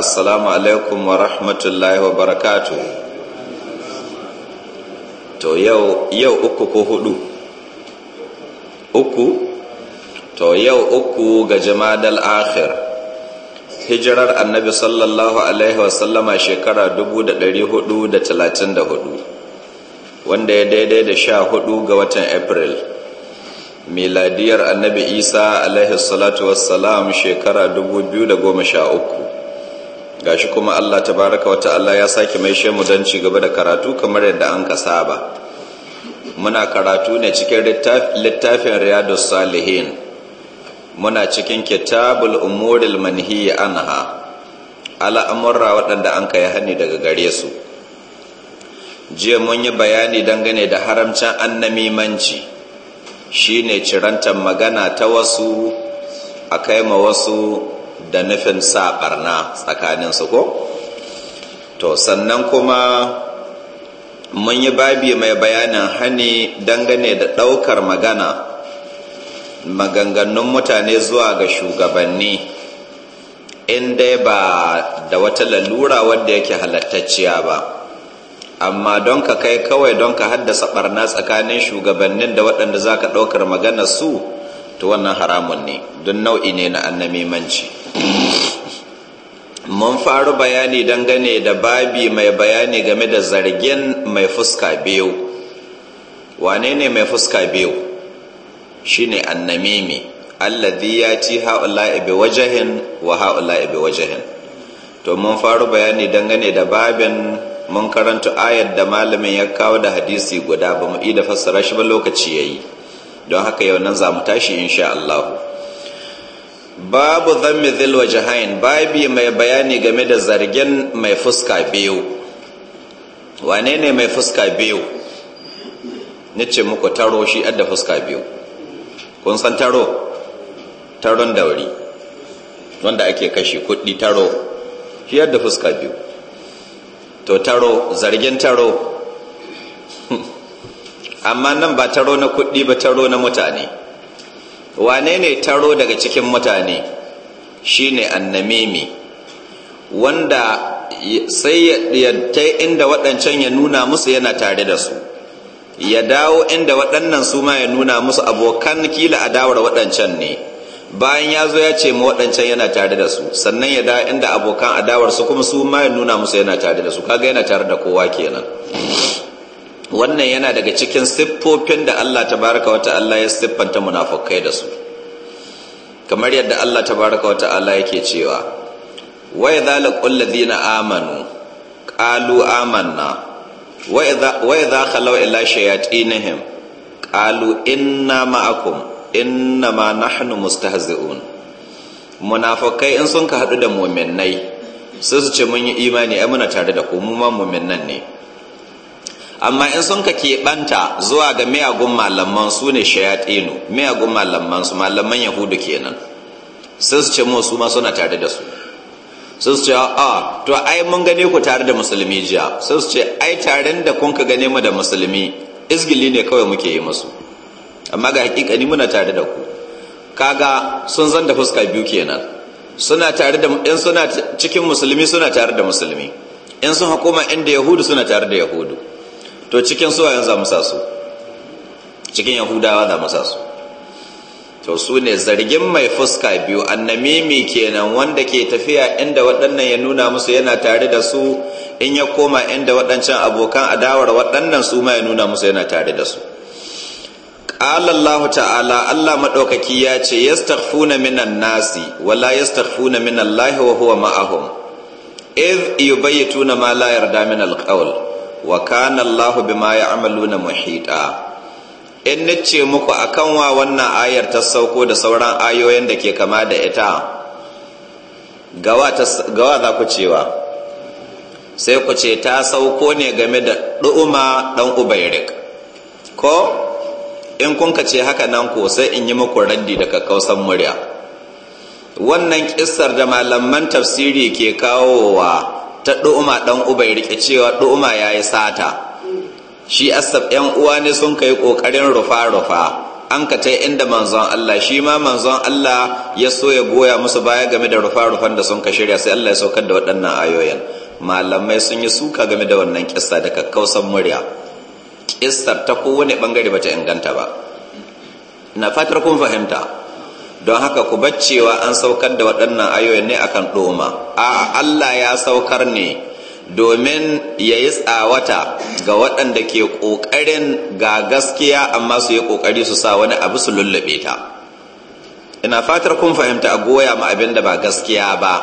assalamu alaikum wa rahmatullahi wa barakatu to yau yau uku ko hudu uku to yau uku ga jamadal akhir hijirar annabi sallallahu alaihi sallama shekara 434 wanda ya daidai da sha hudu ga watan april miladiyar annabi isa alaihi salatu wassalam shekara 2013 gashi kuma Allah tabaraka allah ya sake mai shemu don ci gaba da karatu kamar yadda an kasa ba muna karatu ne cikin littafin riyadus salihin muna cikin kitabul umuril manhi anha al'amurra waɗanda an kai hani daga gare su jiya mun yi bayani dangane da haramcin annamimanci shine cirantar magana ta wasu a kai ma wasu da nufin sa barna tsakaninsu ko to sannan kuma mun yi babi mai bayanin hani dangane da ɗaukar magana maganganun mutane zuwa ga shugabanni in dai ba da wata lalura wadda yake halattacciya ba amma don ka kai kawai don ka haddasa barna tsakanin shugabannin da waɗanda za ka ɗaukar magana su to wannan haramun ne don nau'i ne na annamimanci mun faru bayani dangane da babi mai bayani game da zargin mai fuska biyu wane ne mai fuska biyu Shi shine annamimi alladhi ya ci ha'ula ibe wajahin wa ha'ula ibe wajahin to mun faru bayani dangane da babin mun karanta ayar da malamin ya kawo da hadisi guda ba mu da fassara shi ba lokaci yayi don haka yau nan za mu tashi insha Allah babu zammi zilwa jihain babi mai bayani game da zargin mai fuska biyu wane ne mai fuska biyu nice muku taro shi adda fuska biyu kun san taro taron dauri wanda ake kashe kudi taro shi adda fuska biyu to taro zargin taro amma nan ba taro na kuɗi ba taro na mutane wane ne taro daga cikin mutane shine annamimi wanda sai ya ta inda waɗancan ya nuna musu yana tare da su ya dawo inda waɗannan su ma ya nuna musu abokan kila adawar waɗancan ne bayan ya zo ya ce ma waɗancan yana tare da su sannan ya dawo inda abokan adawar su kuma su ma ya nuna musu yana tare da su kaga yana tare da kowa kenan wannan yana daga cikin siffofin da Allah tabaraka wa ta'ala ya siffanta munafukai da su kamar yadda Allah tabaraka wa ta'ala yake cewa wa idza laqul ladina amanu qalu amanna wa idza wa idza khalaw ila shayatinihim qalu inna ma'akum inna ma nahnu mustahzi'un munafukai in sun ka hadu da mu'minnai sai su ce mun yi imani ai muna tare da ku mu ma mu'minnan ne amma in sun ka keɓanta zuwa ga miyagun malaman su ne shayaɗinu miyagun malaman su malaman yahudu kenan sun su ce mu su ma suna tare da su sun su ce a to ai mun gane ku tare da musulmi jiya sun su ce ai tare da kun ka gane mu da musulmi izgili ne kawai muke yi musu amma ga hakikani muna tare da ku kaga sun zan da fuska biyu kenan suna tare da in suna cikin musulmi suna tare da musulmi in sun hukuma inda yahudu suna tare da yahudu to cikin wayan za mu sa su cikin yahudawa za mu sa su to su ne zargin mai fuska biyu annamimi kenan wanda ke tafiya inda waɗannan ya nuna musu yana tare da su in ya koma inda waɗancan abokan adawar waɗannan su ma ya nuna musu yana tare da su Allah ta'ala Allah maɗaukaki ya ce yastaghfuna minan nasi wala yastaghfuna minallahi wa huwa ma'ahum idh yubayyituna ma la yarda min alqawl wa kana Allahu bima ya'maluna muhita in nace muku akan wa wannan ayar ta sauko da sauran ayoyin da ke kama da ita gawa za ku cewa sai ku ce ta sauko ne game da ɗu'uma dan ubairik ko in kun ka ce haka nan ko sai in yi muku raddi daga kausan murya wannan kissar da malaman tafsiri ke kawowa ta ɗu'uma ɗan uba ya riƙe cewa ɗu'uma ya yi sata shi asab ‘yan uwa ne sun kai ƙoƙarin rufa-rufa an ka ta inda manzon Allah shi ma manzon Allah ya so ya goya musu baya game da rufa-rufan da sun ka shirya sai Allah ya saukar da waɗannan ayoyin malamai sun yi suka game da wannan kissa da kakkausan murya kissar ta kowane bangare bata inganta ba na fatar kun fahimta don haka ku baccewa an saukar da waɗannan ayoyin ne akan ɗoma a Allah ya saukar ne domin ya yi tsawata ga waɗanda ke ƙoƙarin ga gaskiya amma su yi ƙoƙari su sa wani abu su lullube ta ina fatar kun fahimta a goya ma abin da ba gaskiya ba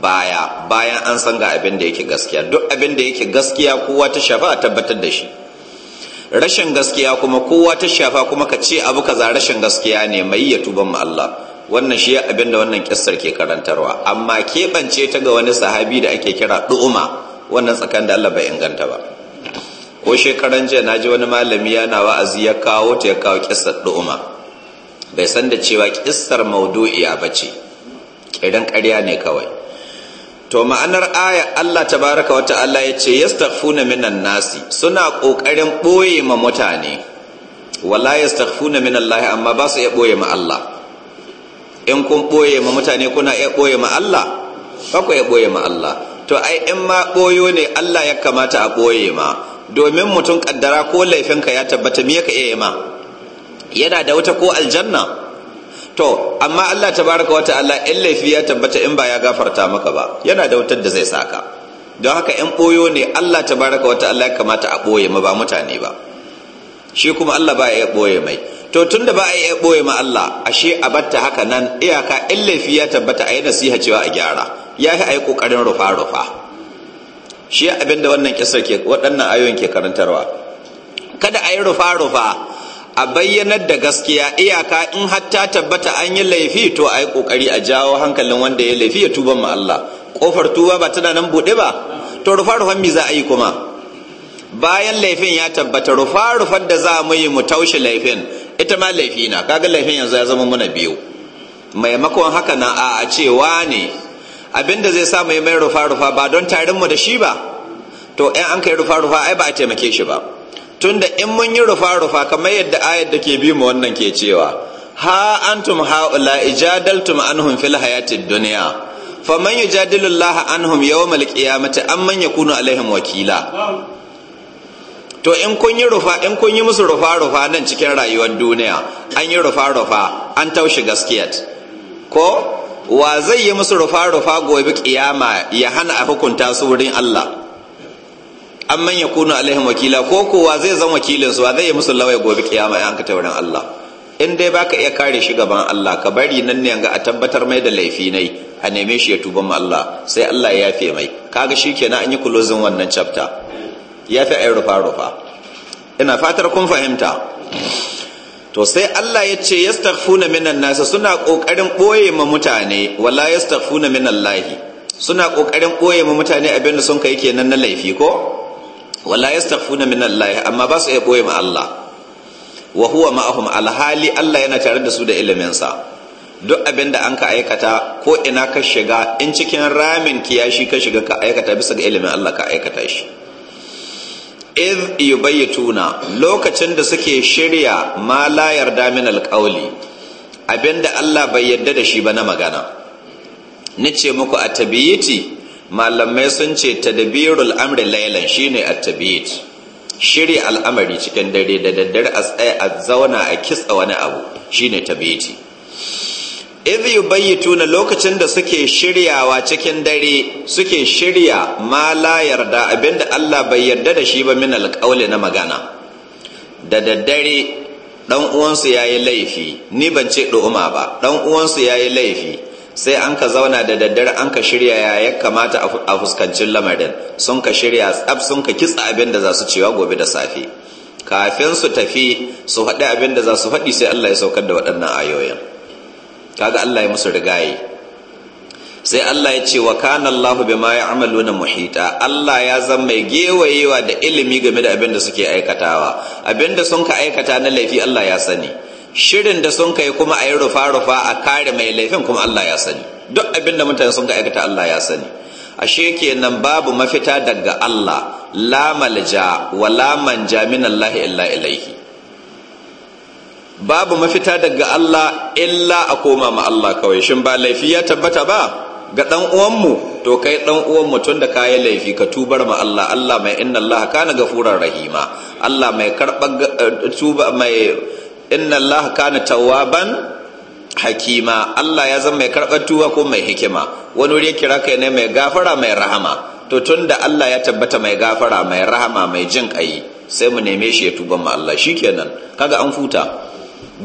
baya bayan an san ga abin da yake gaskiya duk abin da yake gaskiya kowa ta shafa a tabbatar da shi rashin gaskiya kuma kowa ta shafa kuma ka ce abu kaza rashin gaskiya ne mai ya tuban mu Allah wannan shi abin da wannan kissar ke karantarwa amma keɓance ta ga wani sahabi da ake kira du'uma wannan tsakan da Allah bai inganta ba ko shekaran jiya naji wani malami yana wa'azi ya kawo ta ya kawo kissar du'uma bai san da cewa kissar maudu'iya ce kiran ƙarya ne kawai to ma'anar aya Allah ta baraka wa ta'ala ya ce yastaghfuna minan nasi suna kokarin boye ma mutane wala yastaghfuna lahi, amma ba su ya boye ma Allah in kun boye ma mutane kuna ya boye ma Allah ba ku ya boye ma Allah to ai in ma boyo ne Allah ya kamata a boye ma domin mutum kaddara ko laifinka ya tabbata me ka iya ma yana da wata ko aljanna to amma Allah tabaraka wa ta'ala in laifi ya tabbata in ba ya gafarta maka ba yana da wutar da zai saka don haka yan boyo ne Allah tabaraka wa ta'ala kamata a boye ma ba mutane ba shi kuma Allah ba ya boye mai to tunda ba a iya boye ma Allah ashe a batta haka nan iyaka in laifi ya tabbata a yi nasiha cewa a gyara ya yi a kokarin rufa rufa shi abinda wannan kisar ke waɗannan ayoyin ke karantarwa kada a yi rufa rufa a bayyanar da gaskiya iyaka in hatta tabbata an yi laifi to a yi kokari a jawo hankalin wanda ya laifi ya tuba ma Allah kofar tuba ba tana nan buɗe ba to rufa rufan mi za a yi kuma bayan laifin ya tabbata rufa rufan da za mu yi mu taushe laifin ita ma laifi na kaga laifin yanzu ya zama muna biyu maimakon haka na a cewa ne abinda zai sa mai mai rufa rufa ba don tarin mu da shi ba to in an kai rufa rufa ai ba a taimake shi ba tunda in mun yi rufa rufa kamar yadda ayat da ke bi mu wannan ke cewa ha antum haula ijadaltum anhum fil hayatid dunya faman yujadilu Allah anhum yawmal qiyamati amman yakunu alaihim wakila to in kun yi rufa in kun yi musu rufa rufa nan cikin rayuwar duniya an yi rufa rufa an taushe gaskiyat ko wa zai yi musu rufa rufa gobe kiyama ya hana a hukunta su wurin Allah An manya kuna alaihim wakila ko kowa zai zama wakilin su ba zai yi musu lawai gobe kiyama in ka taurin Allah in dai baka iya kare shi gaban Allah ka bari nan ne ga a tabbatar mai da laifi nai a neme shi ya tuba ma Allah sai Allah ya yafe mai kaga shikenan an yi kulozin wannan chapter yafe ayi rufa rufa ina fatar kun fahimta to sai Allah ya ce yastaghfuna minan nas suna kokarin boye ma mutane wala yastaghfuna minallahi suna kokarin boye ma mutane abinda sun kai kenan na laifi ko wala yastaghfuna min Allah amma ba su iya boye ma Allah wa huwa ma'ahum alhali Allah yana tare da su da ilimin sa duk abin da an ka aikata ko ina ka shiga in cikin ramin kiyashi ka shiga ka aikata bisa ga ilimin Allah ka aikata shi iz yubayituna lokacin da suke shirya ma la yarda min alqawli abinda Allah bai yarda da shi ba na magana nace muku a tabiyiti malamai sun ce tadbirul amri laylan shine at-tabit shirya al'amari cikin dare da daddare a tsaye a zauna a kitsa wani abu shine tabiti idh yubayyituna lokacin da suke shiryawa cikin dare suke shirya ma la yarda abinda Allah bai yarda da shi ba min alqawli na magana da daddare dan uwansu yayi laifi ni ban ce duuma ba dan uwansu yayi laifi sai an ka zauna da daddare an ka shirya ya ya kamata a fuskancin lamarin sun ka shirya tsab sun ka kitsa abin da za su cewa gobe da safe kafin su tafi su faɗi abin da za su faɗi sai Allah ya saukar da waɗannan ayoyin kaga Allah ya musu rigaye sai Allah ya ce wa kana Allah bima ya'maluna muhita Allah ya zama mai gewayewa da ilimi game da abin da suke aikatawa abin da sun ka aikata na laifi Allah ya sani shirin da sun kai kuma a yi rufa-rufa a kare mai laifin kuma Allah ya sani duk abin da mutane sun ka aikata Allah ya sani ashe kenan babu mafita daga Allah la malja wa la manja min Allah illa ilaihi babu mafita daga Allah illa a koma ma Allah kawai shin ba laifi ya tabbata ba ga dan uwanmu to kai dan uwan tun da kayi laifi ka tubar ma Allah Allah mai inna Allah kana gafuran rahima Allah mai karɓar eh, tuba mai inna allaha kana tawwaban hakima Allah ya zama mai karɓar tuwa ko mai hikima wani wuri ya kira kai ne mai gafara mai rahama to tun da Allah ya tabbata mai gafara mai rahama mai jin ƙayi sai mu neme shi ya tuba ma Allah Shi kenan, kaga an futa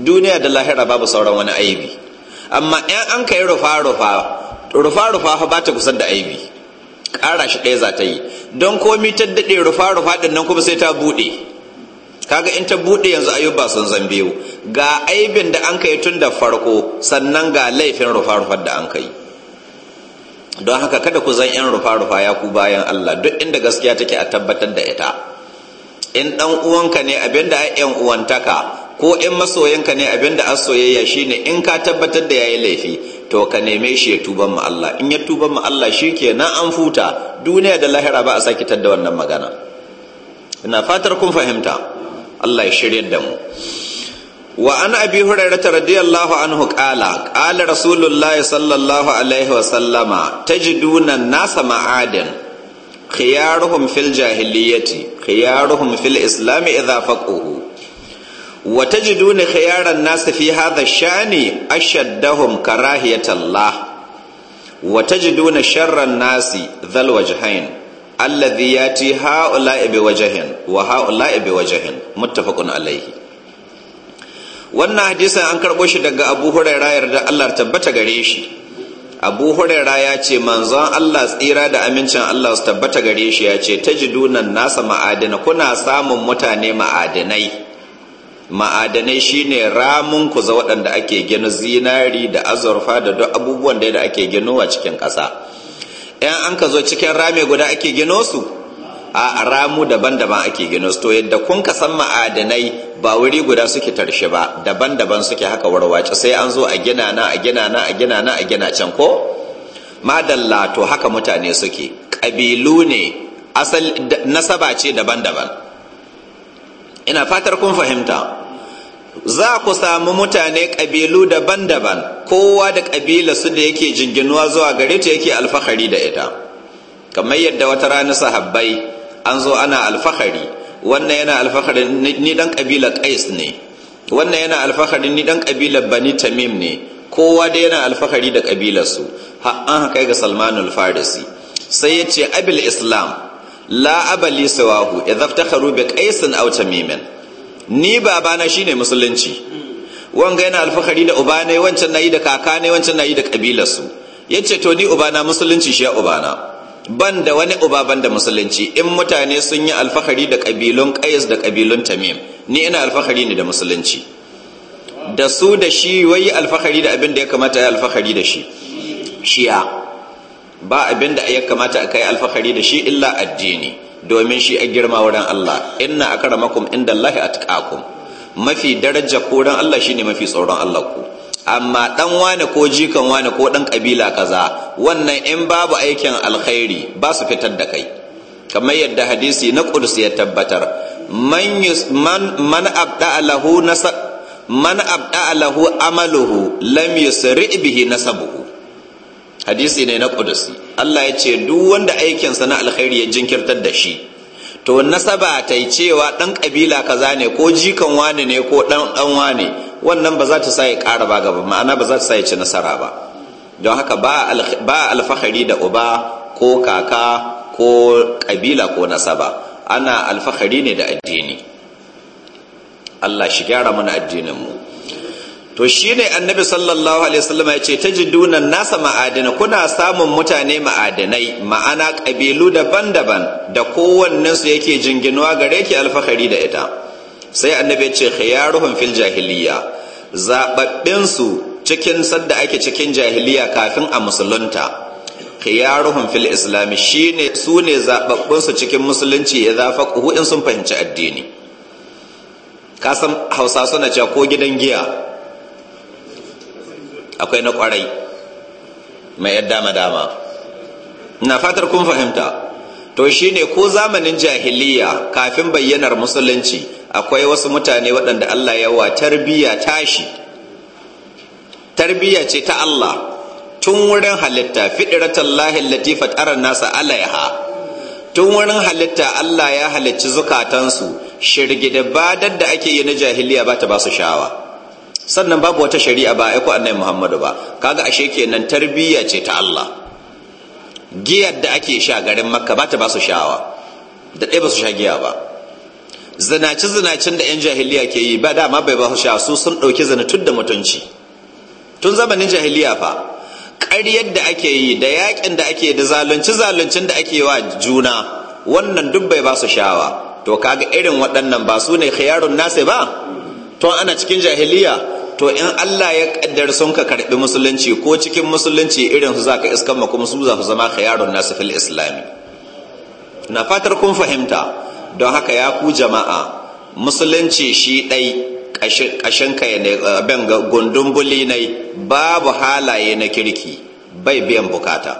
duniya da lahira babu sauran wani aibi amma in an kai rufa rufa rufa rufa fa bata kusa da aibi Kara shi ɗaya za ta yi don komi ta daɗe rufa rufa ɗin nan kuma sai ta buɗe kaga in ta buɗe yanzu ayyuba sun zan biyu ga aibin da an kai tun da farko sannan ga laifin rufa-rufar da an kai don haka kada ku zan 'yan rufa-rufa ya ku bayan Allah duk inda gaskiya take a tabbatar da ita in dan uwanka ne abinda a 'yan uwantaka ko in masoyanka ne abinda a soyayya shine in ka tabbatar da yayi laifi to ka neme shi ya tuban mu Allah in ya tuban mu Allah shi shikenan an futa duniya da lahira ba a saki da wannan magana ina fatar kun fahimta Allah ya shirya da mu wa an abi hurairata radiyallahu anhu qala qala rasulullah sallallahu tajiduna nasa ma'adin khiyaruhum fil jahiliyyati khiyaruhum fil islam idha faquhu wa tajiduna khiyaran nas shani ashaddahum karahiyatallah wa sharran nas dhal wajhain alladhi yati ha'ula'i wa ha'ula'i bi muttafaqun alaihi wannan hadisin an karɓo shi daga abu huraira yarda allah tabbata gare shi abu huraira ya ce manzon allah tsira da amincin allah su tabbata gare shi ya ce ta dunan nasa ma'adina kuna samun mutane ma'adinai ma'adanai shine ramin ku za waɗanda ake gina zinari da azurfa da duk abubuwan da ake ginowa cikin ƙasa ‘yan an ka zo cikin rame guda ake gino su a ramu daban-daban ake gino to yadda kun ka san ma'adanai ba wuri guda suke tarshe ba daban-daban suke haka warwace sai an zo a gina na a gina na a gina na a gina can ko madalla to haka mutane suke ƙabilu ne asal nasaba ce daban-daban ina fatar kun fahimta za ku samu mutane ƙabilu daban-daban kowa da ƙabila su da yake jinginuwa zuwa gare ta yake alfahari da ita kamar yadda wata rana sahabbai an zo ana alfahari wannan yana alfahari ni dan kabilar qais ne wannan yana alfahari ni dan kabilar bani tamim ne kowa da yana alfahari da kabilarsu ha an kai ga salmanul farisi sai ya ce abil islam la abali sawahu idza iftakharu bi qaisin aw tamimin ni babana shine musulunci wanga yana alfahari da uba ne wancan nayi da kaka ne wancan nayi da kabilarsu yace to ni ubana musulunci shi ya ubana ban da wani uba ban da musulunci in mutane sun yi alfahari da ƙabilun ƙayas da ƙabilun tamim ni ina alfahari ne da musulunci da su da shi wai alfahari da abin da ya kamata ya alfahari da shi shiya ba abin da ya kamata a kai alfahari da shi illa addini domin shi a girma wurin Allah inna akramakum inda Allah atqakum mafi daraja ko Allah shine mafi tsoron Allah ku amma dan wane ko jikan wane ko ɗan kabila kaza wannan in babu aikin alkhairi ba su fitar da kai kamar yadda hadisi na qudsi ya tabbatar man man nasab man abda amaluhu lam yusri bihi nasabuhu hadisi ne na qudsi Allah ya ce duk wanda aikinsa na alkhairi ya jinkirtar da shi to nasaba ta yi cewa ɗan ƙabila kaza ne ko jikan wane ne ko ɗan wane wannan ba za ta sa ya ƙara ba gaba ma'ana ba za ta sa ya ci nasara ba don haka ba alfahari da uba ko kaka ko ƙabila ko nasaba ana alfahari ne da addini Allah shi gyara mana addininmu to shine annabi sallallahu alaihi wasallam ya ce tajiduna nasa ma'adina kuna samun mutane ma'adinai ma'ana kabilu daban-daban da kowannen su yake jinginuwa gare ki alfahari da ita sai annabi ya ce khiyaruhum fil jahiliya zababbin su cikin sadda ake cikin jahiliya kafin a musulunta khiyaruhum fil islam shine su ne zababbin su cikin musulunci ya ku in sun fahimci addini kasan Hausa suna cewa ko gidan giya akwai na kwarai mai yadda madama na fatar kun fahimta to shine ko zamanin jahiliya kafin bayyanar musulunci akwai wasu mutane waɗanda Allah yawa tarbiyya tashi tarbiyya ce ta Allah tun wurin halitta fidratan lahi latifa tsarar nasa alaiha tun wurin halitta Allah ya halicci zukatansu shirgida badar da ake yi na jahiliya ba ta ba su shawa sannan babu wata shari'a ba aiko annai muhammadu ba kaga ashe kenan tarbiyya ce ta Allah giyar da ake sha garin makka ba ta ba su shawa da ɗaya ba su sha giya ba zinaci zinacin da 'yan jahiliya ke yi ba dama bai sha su sun ɗauki zina tun da mutunci tun zamanin jahiliya fa ƙaryar da ake yi da yakin da ake da zalunci zaluncin da ake wa juna wannan duk bai ba su shawa to kaga irin waɗannan ba su ne khiyarun nasi ba tun ana cikin jahiliya to in Allah ya kaddar sun ka karbi musulunci ko cikin musulunci irin su zaka iskan ma kuma su za su zama khayarun nasu fil islami na fatar kun fahimta don haka ya ku jama'a musulunci shi ɗai ƙashin kai ne abin gundun buli ne babu halaye na kirki bai biyan bukata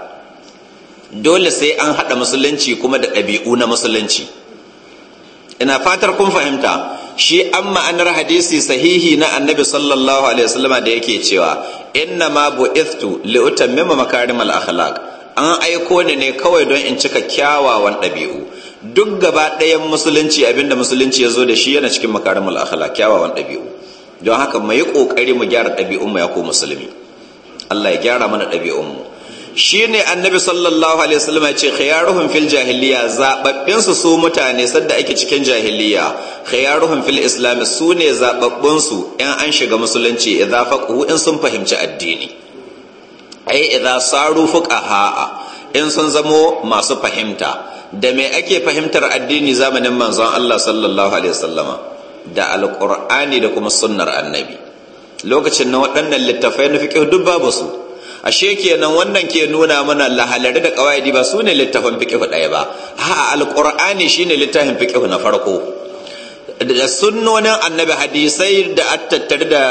dole sai an haɗa musulunci kuma da ɗabi'u na musulunci ina fatar kun fahimta shi an ma'anar hadisi sahihi na annabi sallallahu alaihi wasallama da yake cewa inna ma iftu li utammima makarimal akhlaq an aiko ni ne kawai don in cika kyawawan ɗabi'u duk gaba ɗayan musulunci abinda musulunci ya zo da shi yana cikin makarimul akhlaq kyawawan ɗabi'u don haka mu yi ƙoƙari mu gyara ɗabi'unmu ya ko musulmi Allah ya gyara mana ɗabi'un mu shine annabi sallallahu alaihi wasallam ya ce khiyaruhum fil jahiliya zababbin su su mutane sadda ake cikin jahiliya khiyaruhum fil islam su ne zababbun su in an shiga musulunci idza faqahu in sun fahimci addini ai idza saru fuqaha in sun zamo masu fahimta da me ake fahimtar addini zamanin manzon Allah sallallahu alaihi wasallama da alqur'ani da kuma sunnar annabi lokacin na waɗannan littafai na fiqh duk babu su ashe kenan wannan ke nuna mana lahalari da qawaidi ba su ne littafin fiqh ɗaya ba a'a alqur'ani shine littafin fiqh na farko da sunnonin annabi hadisai da tattare da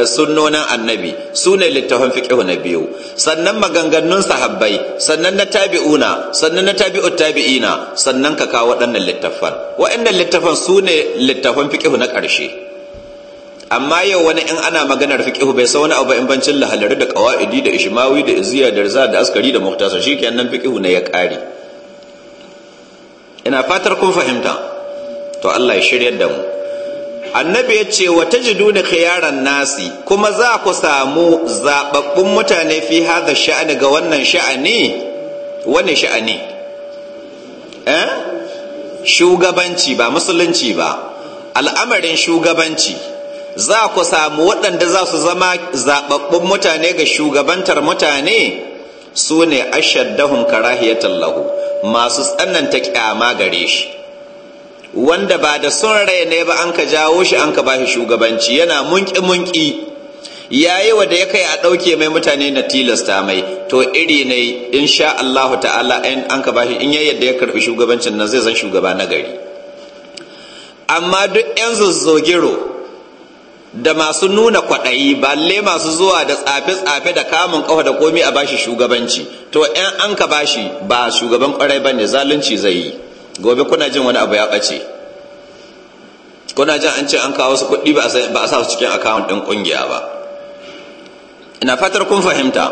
eh, sunnonin annabi su ne littafin fiƙihu na biyu sannan maganganun sahabbai sannan na tabi'una sannan na tabi'u tabi'ina sannan ka kawo waɗannan littafan waɗannan littafan su ne littafin fiƙihu na ƙarshe amma yau wani in ana maganar fiƙihu bai sa wani abu in bancin lahalari da kawaidi da ishmawi da ziya da riza da askari da muhtasa shikenan fiƙihu ne ya ƙare ina fatar kun fahimta to Allah ya shiryar da mu annabi ya ce wa tajiduna khiyaran nasi kuma za ku samu zaɓaɓɓun mutane fi hadha sha'ani ga wannan sha'ani Wani sha'ani eh shugabanci ba musulunci ba al'amarin shugabanci za ku samu waɗanda za su zama zaɓaɓɓun mutane ga shugabantar mutane su ne ashaddahun karahiyatan lahu masu tsananta kyama gare shi wanda ba da son rai ne ba an ka jawo shi an ka bashi shugabanci yana munki munki yayi wa da ya kai a ɗauke mai mutane na tilasta mai to iri ne insha Allahu ta'ala in an ka bashi in ya yadda ya karbi shugabancin nan zai zan shugaba na gari amma duk yan zuzzogiro da masu nuna kwaɗayi balle masu zuwa da tsafe-tsafe da kamun ƙafa da komi a bashi shugabanci to 'yan an ka bashi ba shugaban ƙwarai ba ne zalunci zai yi gobe kuna jin wani abu ya ɓace kuna jin an ce an kawo su kuɗi ba a sa su cikin akawun ɗin ƙungiya ba ina fatar kun fahimta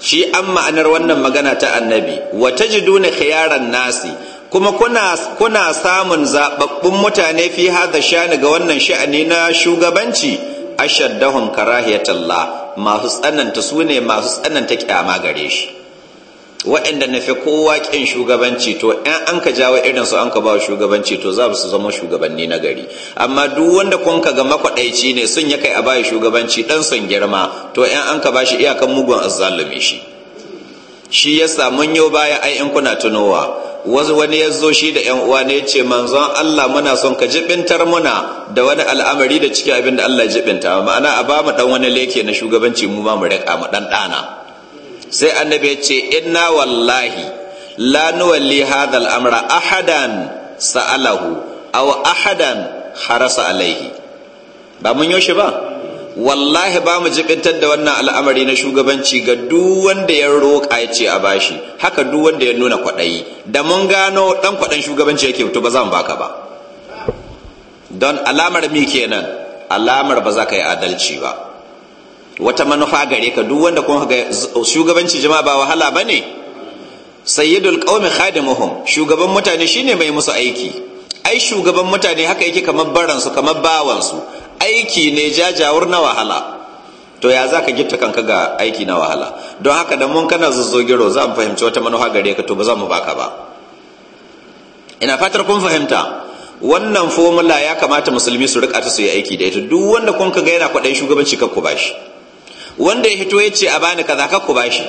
shi an ma'anar wannan magana ta annabi Wata ji duna khiyaran nasi kuma kuna samun zaɓaɓɓun mutane fi da shani ga wannan sha'ani na shugabanci shaddahun karahiyatallah masu tsananta su ne masu tsananta kyama gare shi waɗanda na fi kowa ƙin shugabanci to ɗan an ka jawo irin su an ka ba shugabanci to za su zama shugabanni na gari amma duk wanda kun ka ga makwaɗaici ne sun ya kai a bayi shugabanci ɗan son girma to ɗan an ka ba shi iyakan mugun zalume shi shi yasa mun yau baya ai in kuna tunowa wasu wani ya zo shi da yan uwa ne ce manzon Allah muna son ka jibintar muna da wani al'amari da cikin abin da Allah ya jibinta ma'ana a ba mu dan wani leke na shugabanci mu bamu mu riƙa mu dan dana sai annabi ya ce inna wallahi la nuwalli hadha al-amra ahadan sa'alahu aw ahadan harasa alaihi ba mun shi ba wallahi ba mu jibintar da wannan al'amari na shugabanci ga duk wanda ya roƙa ya ce a bashi haka duk wanda ya nuna kwaɗayi da mun gano ɗan kwaɗan shugabanci yake to ba za baka ba don alamar mi kenan alamar ba za ka yi adalci ba wata manufa gare ka duk wanda kuma ga shugabanci jama'a ba wahala bane sayyidul qaumi khadimuhum shugaban mutane shine mai musu aiki ai shugaban mutane haka yake kamar baran su kamar bawan aiki ne jajawar na wahala to ya za ka gifta kanka ga aiki na wahala don haka da mun kana zazzogiro za mu fahimci wata manufa gare ka to ba za mu baka ba ina fatar kun fahimta wannan fomula ya kamata musulmi su rika ta su yi aiki da ita duk wanda kun ga yana kwaɗayin shugabanci kakku ba shi wanda ya hito ya ce a bani kaza ka ku bashi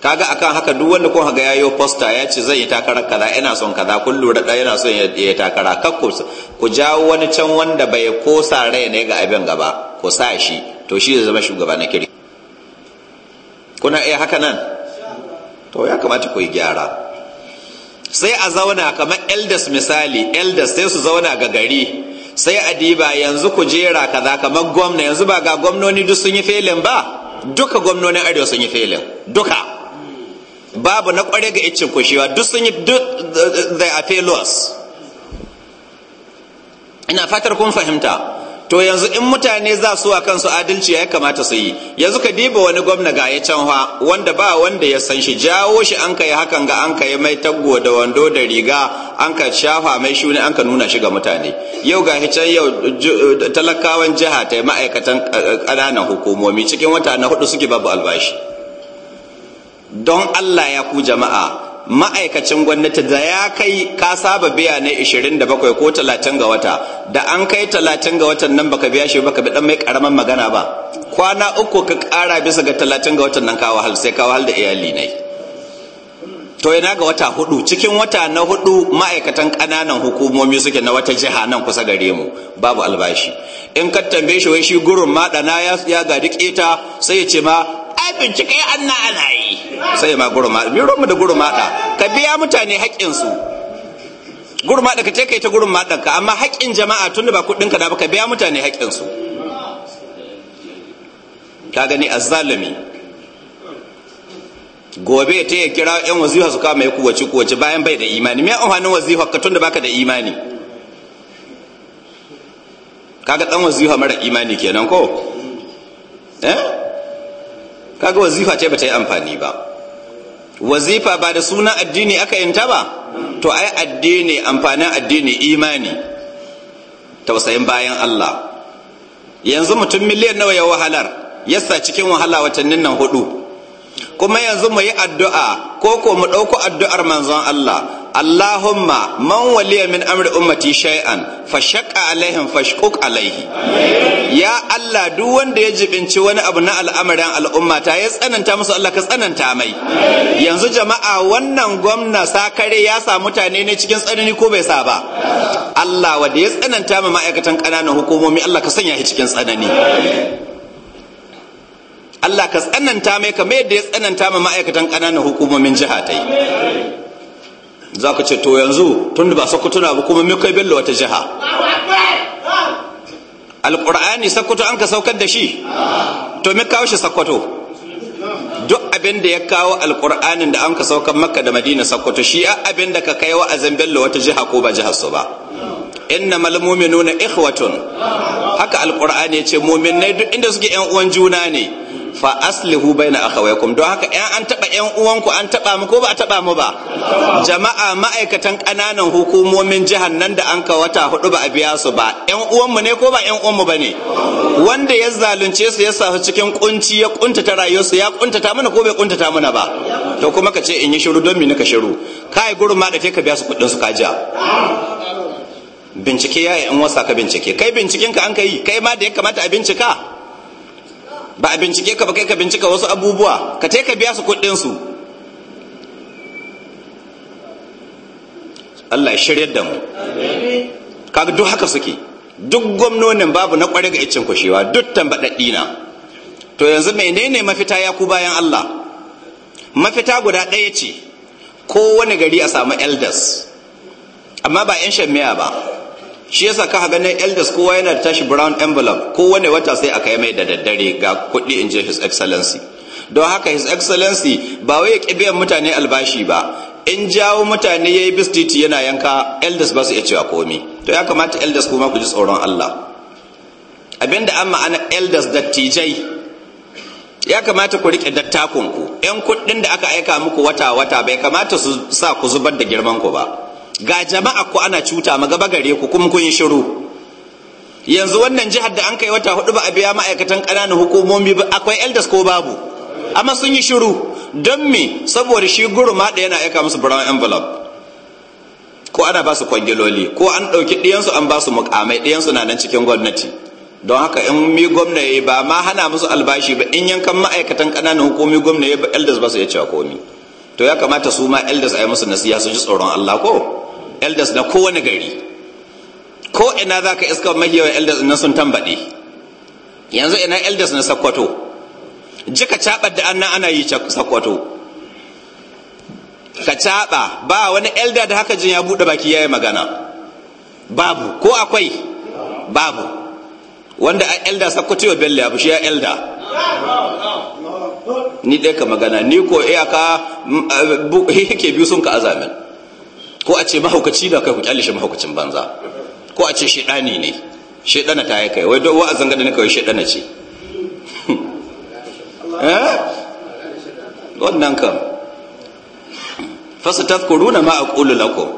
kaga akan haka duk wanda kun haga yayo poster ya ce zai yi takara kaza ina son kaza kun lura da yana son ya takara kakku ku jawo wani can wanda bai kosa rai ne ga abin gaba ku sa shi to shi zai zama shugaba na kiri kuna iya haka nan to ya kamata ku yi gyara sai a zauna kamar elders misali elders sai su zauna ga gari sai a diba yanzu kujera kaza kamar gwamna yanzu ba ga gwamnoni duk sun yi felin ba duka gwamnonin arewa sun yi felin duka babu na kware ga icin kushewa duk sun yi duk they are failures ina fatar kun fahimta to yanzu in mutane za su a kansu adalci ya kamata su yi yanzu ka diba wani gwamna ga ya can wanda ba wanda ya san shi jawo shi an kai hakan ga an kai mai taggo da wando da riga an ka shafa mai shuni an ka nuna shi ga mutane yau ga can yau eh, talakawan jiha ta ma'aikatan eh, eh, ƙananan hukumomi cikin wata na hudu suke babu albashi don Allah ya ku jama'a ma'aikacin gwamnati da ya kai ka saba biya ne 27 ko 30 ga wata da an kai 30 ga watan nan baka biya shi baka bi dan mai karaman magana ba kwana uku ka kara bisa ga 30 ga watan nan ka wahal sai ka wahal da iyali ne to yana ga wata hudu cikin wata na hudu ma'aikatan kananan hukumomi suke na wata jiha nan kusa gare mu babu albashi in ka tambaye shi wai shi gurin madana ya ya ga duk ita sai ya ce ma ya bincika ya anna ana yi sai ma gurma biro mu da gurma da ka biya mutane haƙƙin su gurma da ka ce kai ta gurma da ka amma haƙƙin jama'a tunda ba kuɗin ka da ba ka biya mutane haƙƙin su ka gani azzalimi gobe ta ya kira yan wazifa su kama ya kuwace kuwace bayan bai da imani me amfanin wazifa ka tunda baka da imani kaga dan wazifa mara imani kenan ko eh kaga wazifa ce ba ta yi amfani ba wazifa ba da suna addini aka yanta ba to ai addini amfanin addini imani tausayin bayan Allah yanzu mutum miliyan nawa ya wahalar yasa cikin wahala watannin nan hudu kuma yanzu mu yi addu'a ko ko mu ɗauko addu'ar manzon Allah Allahumma man waliya min amri ummati shay'an shaqqa alaihim fashquq alaihi ya Allah duk wanda ya jibinci wani abu na al'amarin al'umma ta ya tsananta musu Allah ka tsananta mai yanzu jama'a wannan gwamna sakare ya sa mutane ne cikin tsanani ko bai sa ba Allah wanda ya tsananta ma ma'aikatan ƙananan hukumomi Allah ka sanya shi cikin tsanani Allah ka tsananta mai kamar yadda ya tsananta ma ma'aikatan ƙananan hukumomin jiha ta yi za ka ce to yanzu tun da ba sakutuna ba kuma mikai bello wata jiha alƙur'ani sakkwato an ka saukar da shi to me kawo shi sakwato duk abin da ya kawo alƙur'anin da an ka saukar makka da madina sakwato shi a abin da ka kai wa azan bello wata jiha ko ba jihar su ba inna mal mu'minuna ikhwatun haka alƙur'ani ya ce mu'minnai duk inda suke yan uwan juna ne fa aslihu baina akhawaykum don haka yan an taba yan uwanku an taba mu ko ba a taba mu ba jama'a ma'aikatan kananan hukumomin jihar nan da an ka wata hudu ba a biya su ba yan uwan mu ne ko ba yan uwan mu bane wanda ya zalunce su ya sa su cikin kunci ya kuntata rayuwarsu ya kuntata mana ko bai kuntata mana ba to kuma ka ce in yi shiru don me nika shiru kai gurin ma da ka biya su kudin su kaja bincike ya yi in wasa ka bincike kai binciken ka an ka yi kai ma da ya kamata a bincika ba a bincike ka ba kai ka bincika wasu abubuwa ka ka biya su kuɗin su Allah ya shirya da mu kaga duk haka suke duk gwamnonin babu na kware ga icin kushewa duk tambaɗaɗɗi na to yanzu menene mafita ya ku bayan Allah mafita guda ɗaya ce wani gari a samu elders amma ba 'yan shan miya ba shi yasa ka ga nan elders kowa yana da tashi brown envelope kowane wata sai aka yi mai da daddare ga kuɗi in je his excellency don haka his excellency ba wai ya ƙi mutane albashi ba in jawo mutane ya yi bistiti yana yanka elders ba su iya cewa komi to ya kamata elders kuma ku ji tsoron Allah abinda an ma'ana elders dattijai ya kamata ku riƙe dattakunku 'yan kuɗin da aka aika muku wata-wata bai kamata su sa ku zubar da girman ku ba ga jama'a ku ana cuta ma gaba gare ku kuma kun yi shiru yanzu wannan jihar da an kai wata hudu ba a biya ma'aikatan ƙananan hukumomi ba akwai elders ko babu amma sun yi shiru don me saboda shi guruma da yana aika musu brown envelope ko ana ba su kwangiloli ko an ɗauki ɗiyansu an ba su mukamai ɗiyansu na nan cikin gwamnati don haka in mi gwamna ba ma hana musu albashi ba in yankan ma'aikatan ƙananan hukumi gwamna ya ba elders ba su ya cewa komi to ya kamata su ma elders a yi musu nasiya su ji tsoron allah ko elders na kowane gari ko ina za ka iska mahiyawa elders na sun tambaɗe yanzu ina elders na sakwato jika caɓar da annan ana yi sakwato ka caɓa ba wani elder da haka jin ya buɗe baki ya yi magana babu ko akwai babu wanda a elda ya bello ya shi ya elder ni ɗaya ka magana ni ko iyaka mm, eh, ke biyu sun ka azamin ko a ce mahaukaci ba kai ku kyale shi mahaukacin banza ko a ce shedani ne shedana ta yi kai wai don wa'azin gada ne kawai shedana ce eh? wannan kan fasa tafkuruna ma aqulu lakum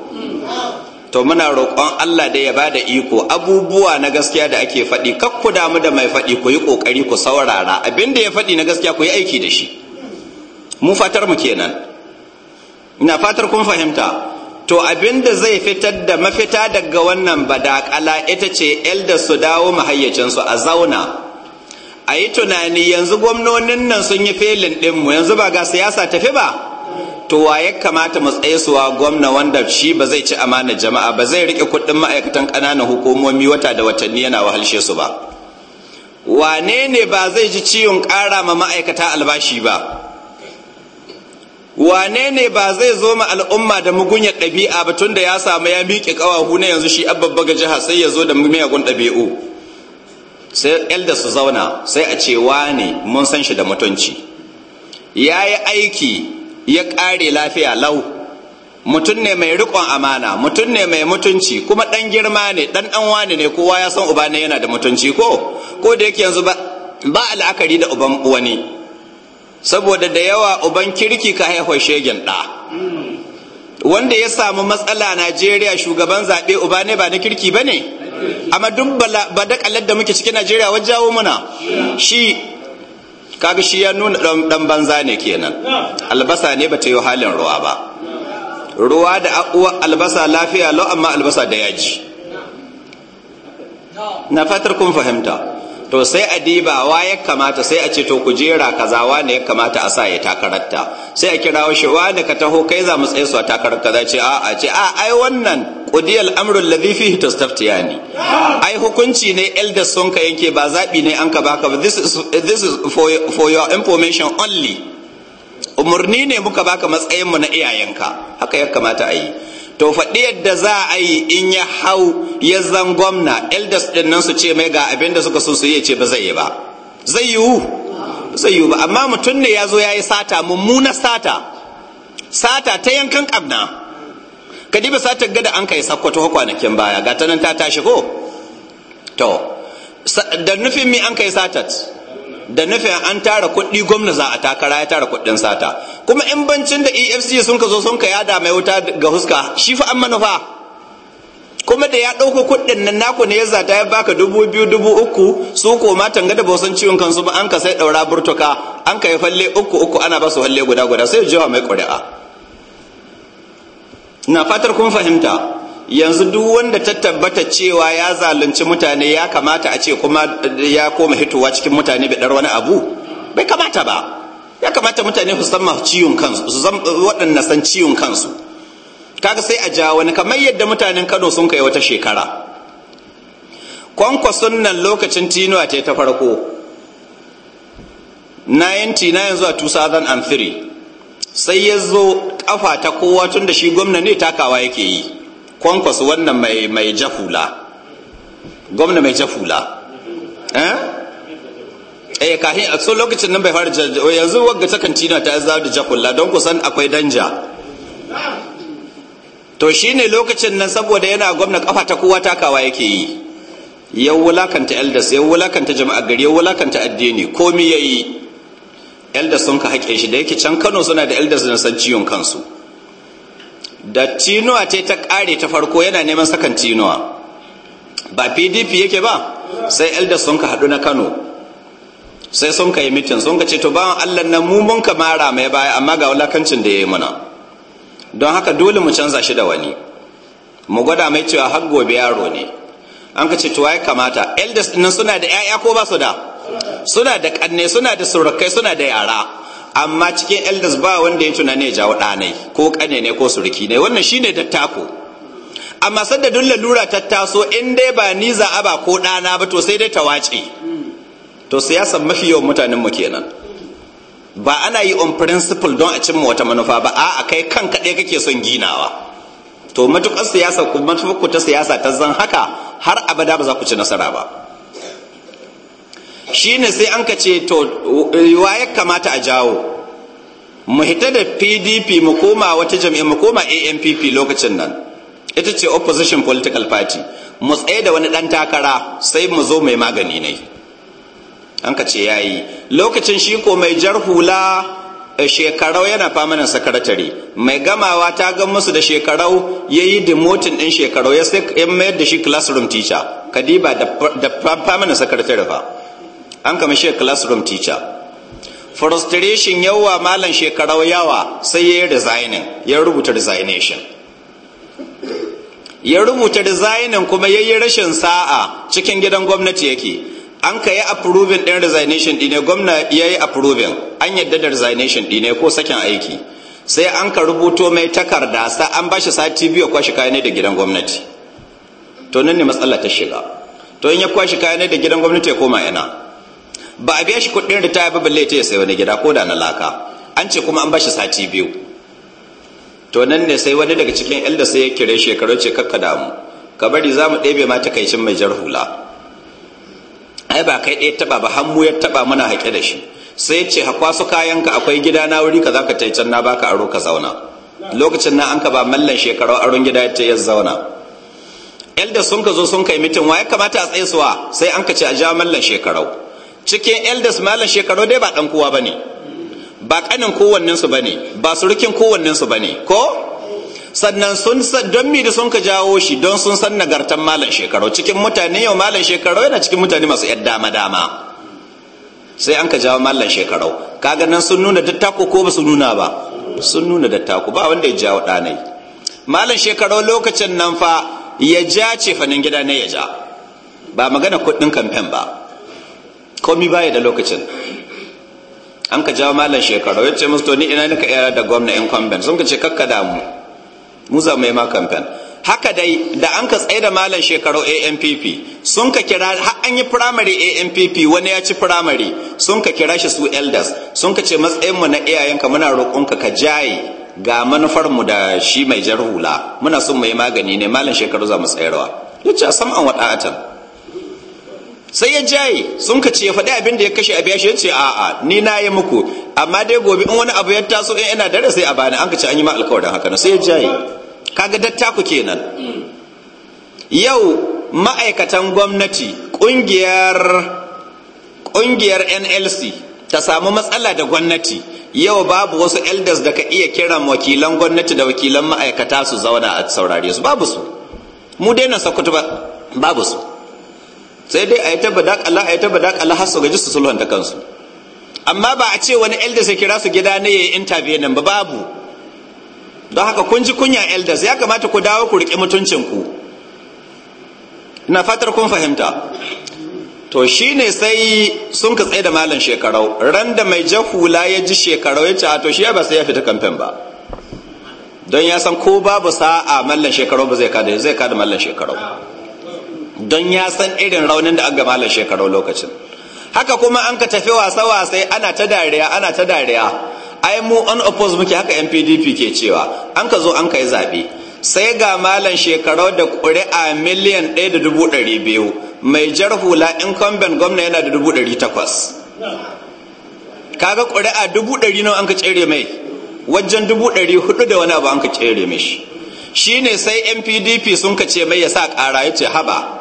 to muna roƙon Allah da ya bada iko abubuwa na gaskiya da ake faɗi kak ku damu da mai faɗi ku yi ƙoƙari ku saurara abin da ya faɗi na gaskiya ku yi aiki da shi mu fatar mu kenan ina fatar kun fahimta to abin da zai fitar da mafita daga wannan badakala ita ce elda su dawo mahayyacinsu a zauna a yi tunani yanzu gwamnonin nan sun yi felin ɗinmu yanzu ba ga siyasa tafi ba to wa ya kamata mu tsaye suwa gwamna wanda shi ba zai ci amana jama'a ba zai rike kuɗin ma'aikatan ƙananan hukumomi wata da watanni yana wahalshe su ba wane ne ba zai ji ciwon ƙara ma ma'aikata albashi ba wane ne ba zai zo ma al'umma da mugunyar ɗabi'a ba tun da ya samu ya miƙe ƙawahu na yanzu shi abba ga jiha sai ya zo da miyagun ɗabi'u sai elda su zauna sai a ce wane mun san shi da mutunci ya yi aiki ya ƙare lafiya lau mutum ne mai riƙon amana mutum ne mai mutunci kuma ɗan girma ne ɗan ɗan wane ne kowa ya san uba ne yana da mutunci ko ko da yake yanzu ba la'akari da uban wani saboda da yawa uban kirki ka haihuwar shegen ɗa wanda ya samu matsala najeriya shugaban zaɓe uba ne ba na kirki ba ne amma duk ba da da muke cikin najeriya wajen jawo muna shi kaga shi ya nuna ɗan banza ne kenan albasa ne ba ta yi halin ruwa ba ruwa da uwa albasa lafiya lau amma albasa da yaji na fatar kun fahimta to sai a diba wa ya kamata sai a ce to ku jera kaza wane ya kamata a sa ya takararta sai a kira shi wane ka taho kai za mu tsaye su a takarar kaza ce a a ce a ai wannan qudiyal amrul ladhi fihi tastaftiyani ai hukunci ne elders sun ka yanke ba zabi ne an ka baka this is this is for, for your information only umurni ne muka baka matsayin mu na iyayenka haka ya kamata a yi to faɗi yadda za a yi in ya hau ya zan gwamna elders ɗin nan su ce mai ga abin da suka so su yi ce ba zai yi ba zai yiwu zai yiwu ba amma mutum ne ya zo ya yi sata mummuna sata sata ta yankan ƙabna ka ba satar gada an kai sakkwato kwanakin baya ga ta nan ta tashi ko to da nufin mi an kai satat da nufin an tara kuɗi gwamna za a takara ya tara kuɗin sata kuma in bancin da efc sun ka zo sun ka yada mai wuta ga huska shi fa an manufa kuma da ya ɗauko kuɗin nan naku ne ya zata ya baka dubu biyu dubu uku su ko tanga da bosan ciwon kansu ba an ka sai ɗaura burtuka an ka yi falle uku uku ana ba su falle guda guda sai jiwa mai ƙuri'a na fatar kun fahimta yanzu duk wanda ta tabbata cewa ya zalunci mutane ya kamata a ce kuma ya koma hitowa cikin mutane bidar wani abu bai kamata ba ya kamata mutane su san ciwon kansu su san waɗanda san ciwon kansu kaga sai a jawo wani kamar yadda mutanen Kano sun kai wata shekara kwankwason nan lokacin tinuwa ta ta farko 99 zuwa 2003 sai ya zo kafa ta kowa tun da shi gwamna ne takawa yake yi kwankwasu wannan mai mai jahula gwamna mai jahula eh eh kahin a so lokacin nan bai fara yanzu wagga ta kantina ta za da jahula don kusan akwai danja to shine lokacin nan saboda yana gwamna kafa ta kowa takawa yake yi ya wulakanta elders ya wulakanta jama'a gari ya wulakanta addini komi yayi elders sun ka haƙe shi da yake can Kano suna da elders na san ciwon kansu da tinuwa ce ta kare ta farko yana neman sakan tinuwa. ba pdp yake ba sai elda sun ka haɗu na kano sai sun ka yi mitin sun ka ce to bawan allah na mu ka mara mai baya amma ga wulakancin da ya yi mana don haka dole mu canza shi da wani mu gwada mai cewa har gobe yaro ne an ka ce to ya kamata elders suna da 'ya'ya ko ba su da suna da kanne suna da surukai suna da yara amma cikin elders ba wanda ya tunane ya jawo ɗanai ko ƙane ne ko suruki ne wannan shine tattako amma sadda dun lalura ta taso in dai ba ni a ba ko ɗana ba to sai dai ta wace to siyasar mafi yawan mutanen mu kenan ba ana yi on principle don a cimma wata manufa ba a kai kan kaɗai kake son ginawa to matuƙar siyasa ku ta siyasa ta zan haka har abada ba za ku ci nasara ba shine sai an ka to wa ya kamata a jawo mu hita da pdp mu koma wata jami'a mu koma ampp lokacin nan ita ce opposition political party mu tsaye da wani dan takara sai mu zo mai magani ne an ka ce yayi lokacin shi ko mai jar hula eh, shekarau yana famanin sakaratare mai gamawa ta ga musu da shekarau ya yi demotin ɗin shekarau ya mayar da shi classroom teacher kadiba da famanin sakaratare ba. an kama shi classroom teacher frustration yawa malam shekarau yawa sai ya yi resigning ya rubuta designation ya rubuta designing kuma ya yi rashin sa'a cikin gidan gwamnati yake an ka yi approving ɗin resignation ɗine gwamna ya yi approving an yadda da resignation ɗine ko sakin aiki sai an ka rubuto mai takarda sa an ba shi sati biyu kwashi kayan da gidan gwamnati to nan ne matsala ta shiga to in ya kwashi kayan da gidan gwamnati ya koma yana ba a biya shi kuɗin ritaya ba balle ya sai wani gida ko da na laka an ce kuma an bashi sati biyu to nan ne sai wani daga cikin da sai ya kire shekaru ce kakka damu ka bari za mu ɗebe ma takaicin mai jar hula ai ba kai ɗaya taɓa ba hannu ya taɓa mana haƙe da shi sai ya ce hakwa su ka akwai gida na wuri za ka tai can na baka aro ka zauna lokacin na an ka ba mallan shekaru aron gida ya ya zauna elda sun ka zo sun kai mitin wa ya kamata a tsaye suwa sai an ka ce a ja mallan shekaru cikin elders malam shekaru dai ba dan kowa bane ba kanin kowannen su bane ba surukin kowannen su bane ko sannan sun don mi da sun ka jawo shi don sun san nagartan malam shekaru cikin mutane yau malam shekaru yana cikin mutane masu yar dama dama sai an ka jawo malam shekaru kaga nan sun nuna dattako ko ba su nuna ba sun nuna dattako ba wanda ya jawo ɗanai malam shekaru lokacin nan fa ya ja ce fanin gida ne ya ja ba magana kuɗin kamfen ba komi baya da lokacin an ka jawo malam shekaru ya ce musu to ni ina nika yara da gwamna incumbent sun ka ce kakka damu mu za mu yi ma kamfen haka dai da an ka tsaye da malam shekaru ampp sun ka kira har an yi firamare ampp wani ya ci firamare sun ka kira shi su elders sun ka ce matsayinmu na iyayenka muna roƙonka ka jaye ga manufarmu da shi mai jar hula muna son mu yi magani ne malam shekaru za mu tsayarwa ya ce a sam'an wada'atan sai ya jaye sun ka ce faɗi abin da ya kashe a biya shi ya ce a'a ni na yi muku amma dai gobe in wani abu ya taso in yana dare sai a bani an ka ce an yi ma alkawarin haka sai ya jaye kaga ku kenan yau ma'aikatan gwamnati ƙungiyar kungiyar NLC ta samu matsala da gwamnati yau babu wasu elders da ka iya kiran wakilan gwamnati da wakilan ma'aikata su zauna a saurare su babu su mu daina sakutu babu su sai dai a yi ta Allah a yi ta Allah har su gaji su da kansu amma ba a ce wani elder ya kira su gida ne ya yi interview nan ba babu don haka kun ji kunya elders ya kamata ku dawo ku riƙe mutuncinku ina fatar kun fahimta to shi ne sai sun ka tsaye da malam shekarau ran da mai jahula ya ji shekarau ya ce a to shi ya ba sai ya fita kamfen ba don ya san ko babu sa'a mallan shekarau ba zai kada zai kada mallan shekarau don ya san irin raunin da aka malam shekaru lokacin haka kuma an ka tafi wasa-wasai ana ta dariya ana ta dariya ai mu an oppose muke haka NPDP ke cewa an ka zo an ka yi zaɓe sai ga malam shekaru da ƙuri'a miliyan ɗaya da mai jar hula incumbent gwamna yana da dubu kaga ƙuri'a dubu ɗari nawa an ka tsere mai wajen dubu da wani abu an ka tsere mai shi ne sai NPDP sun ka ce mai ya sa ƙara ya ce haba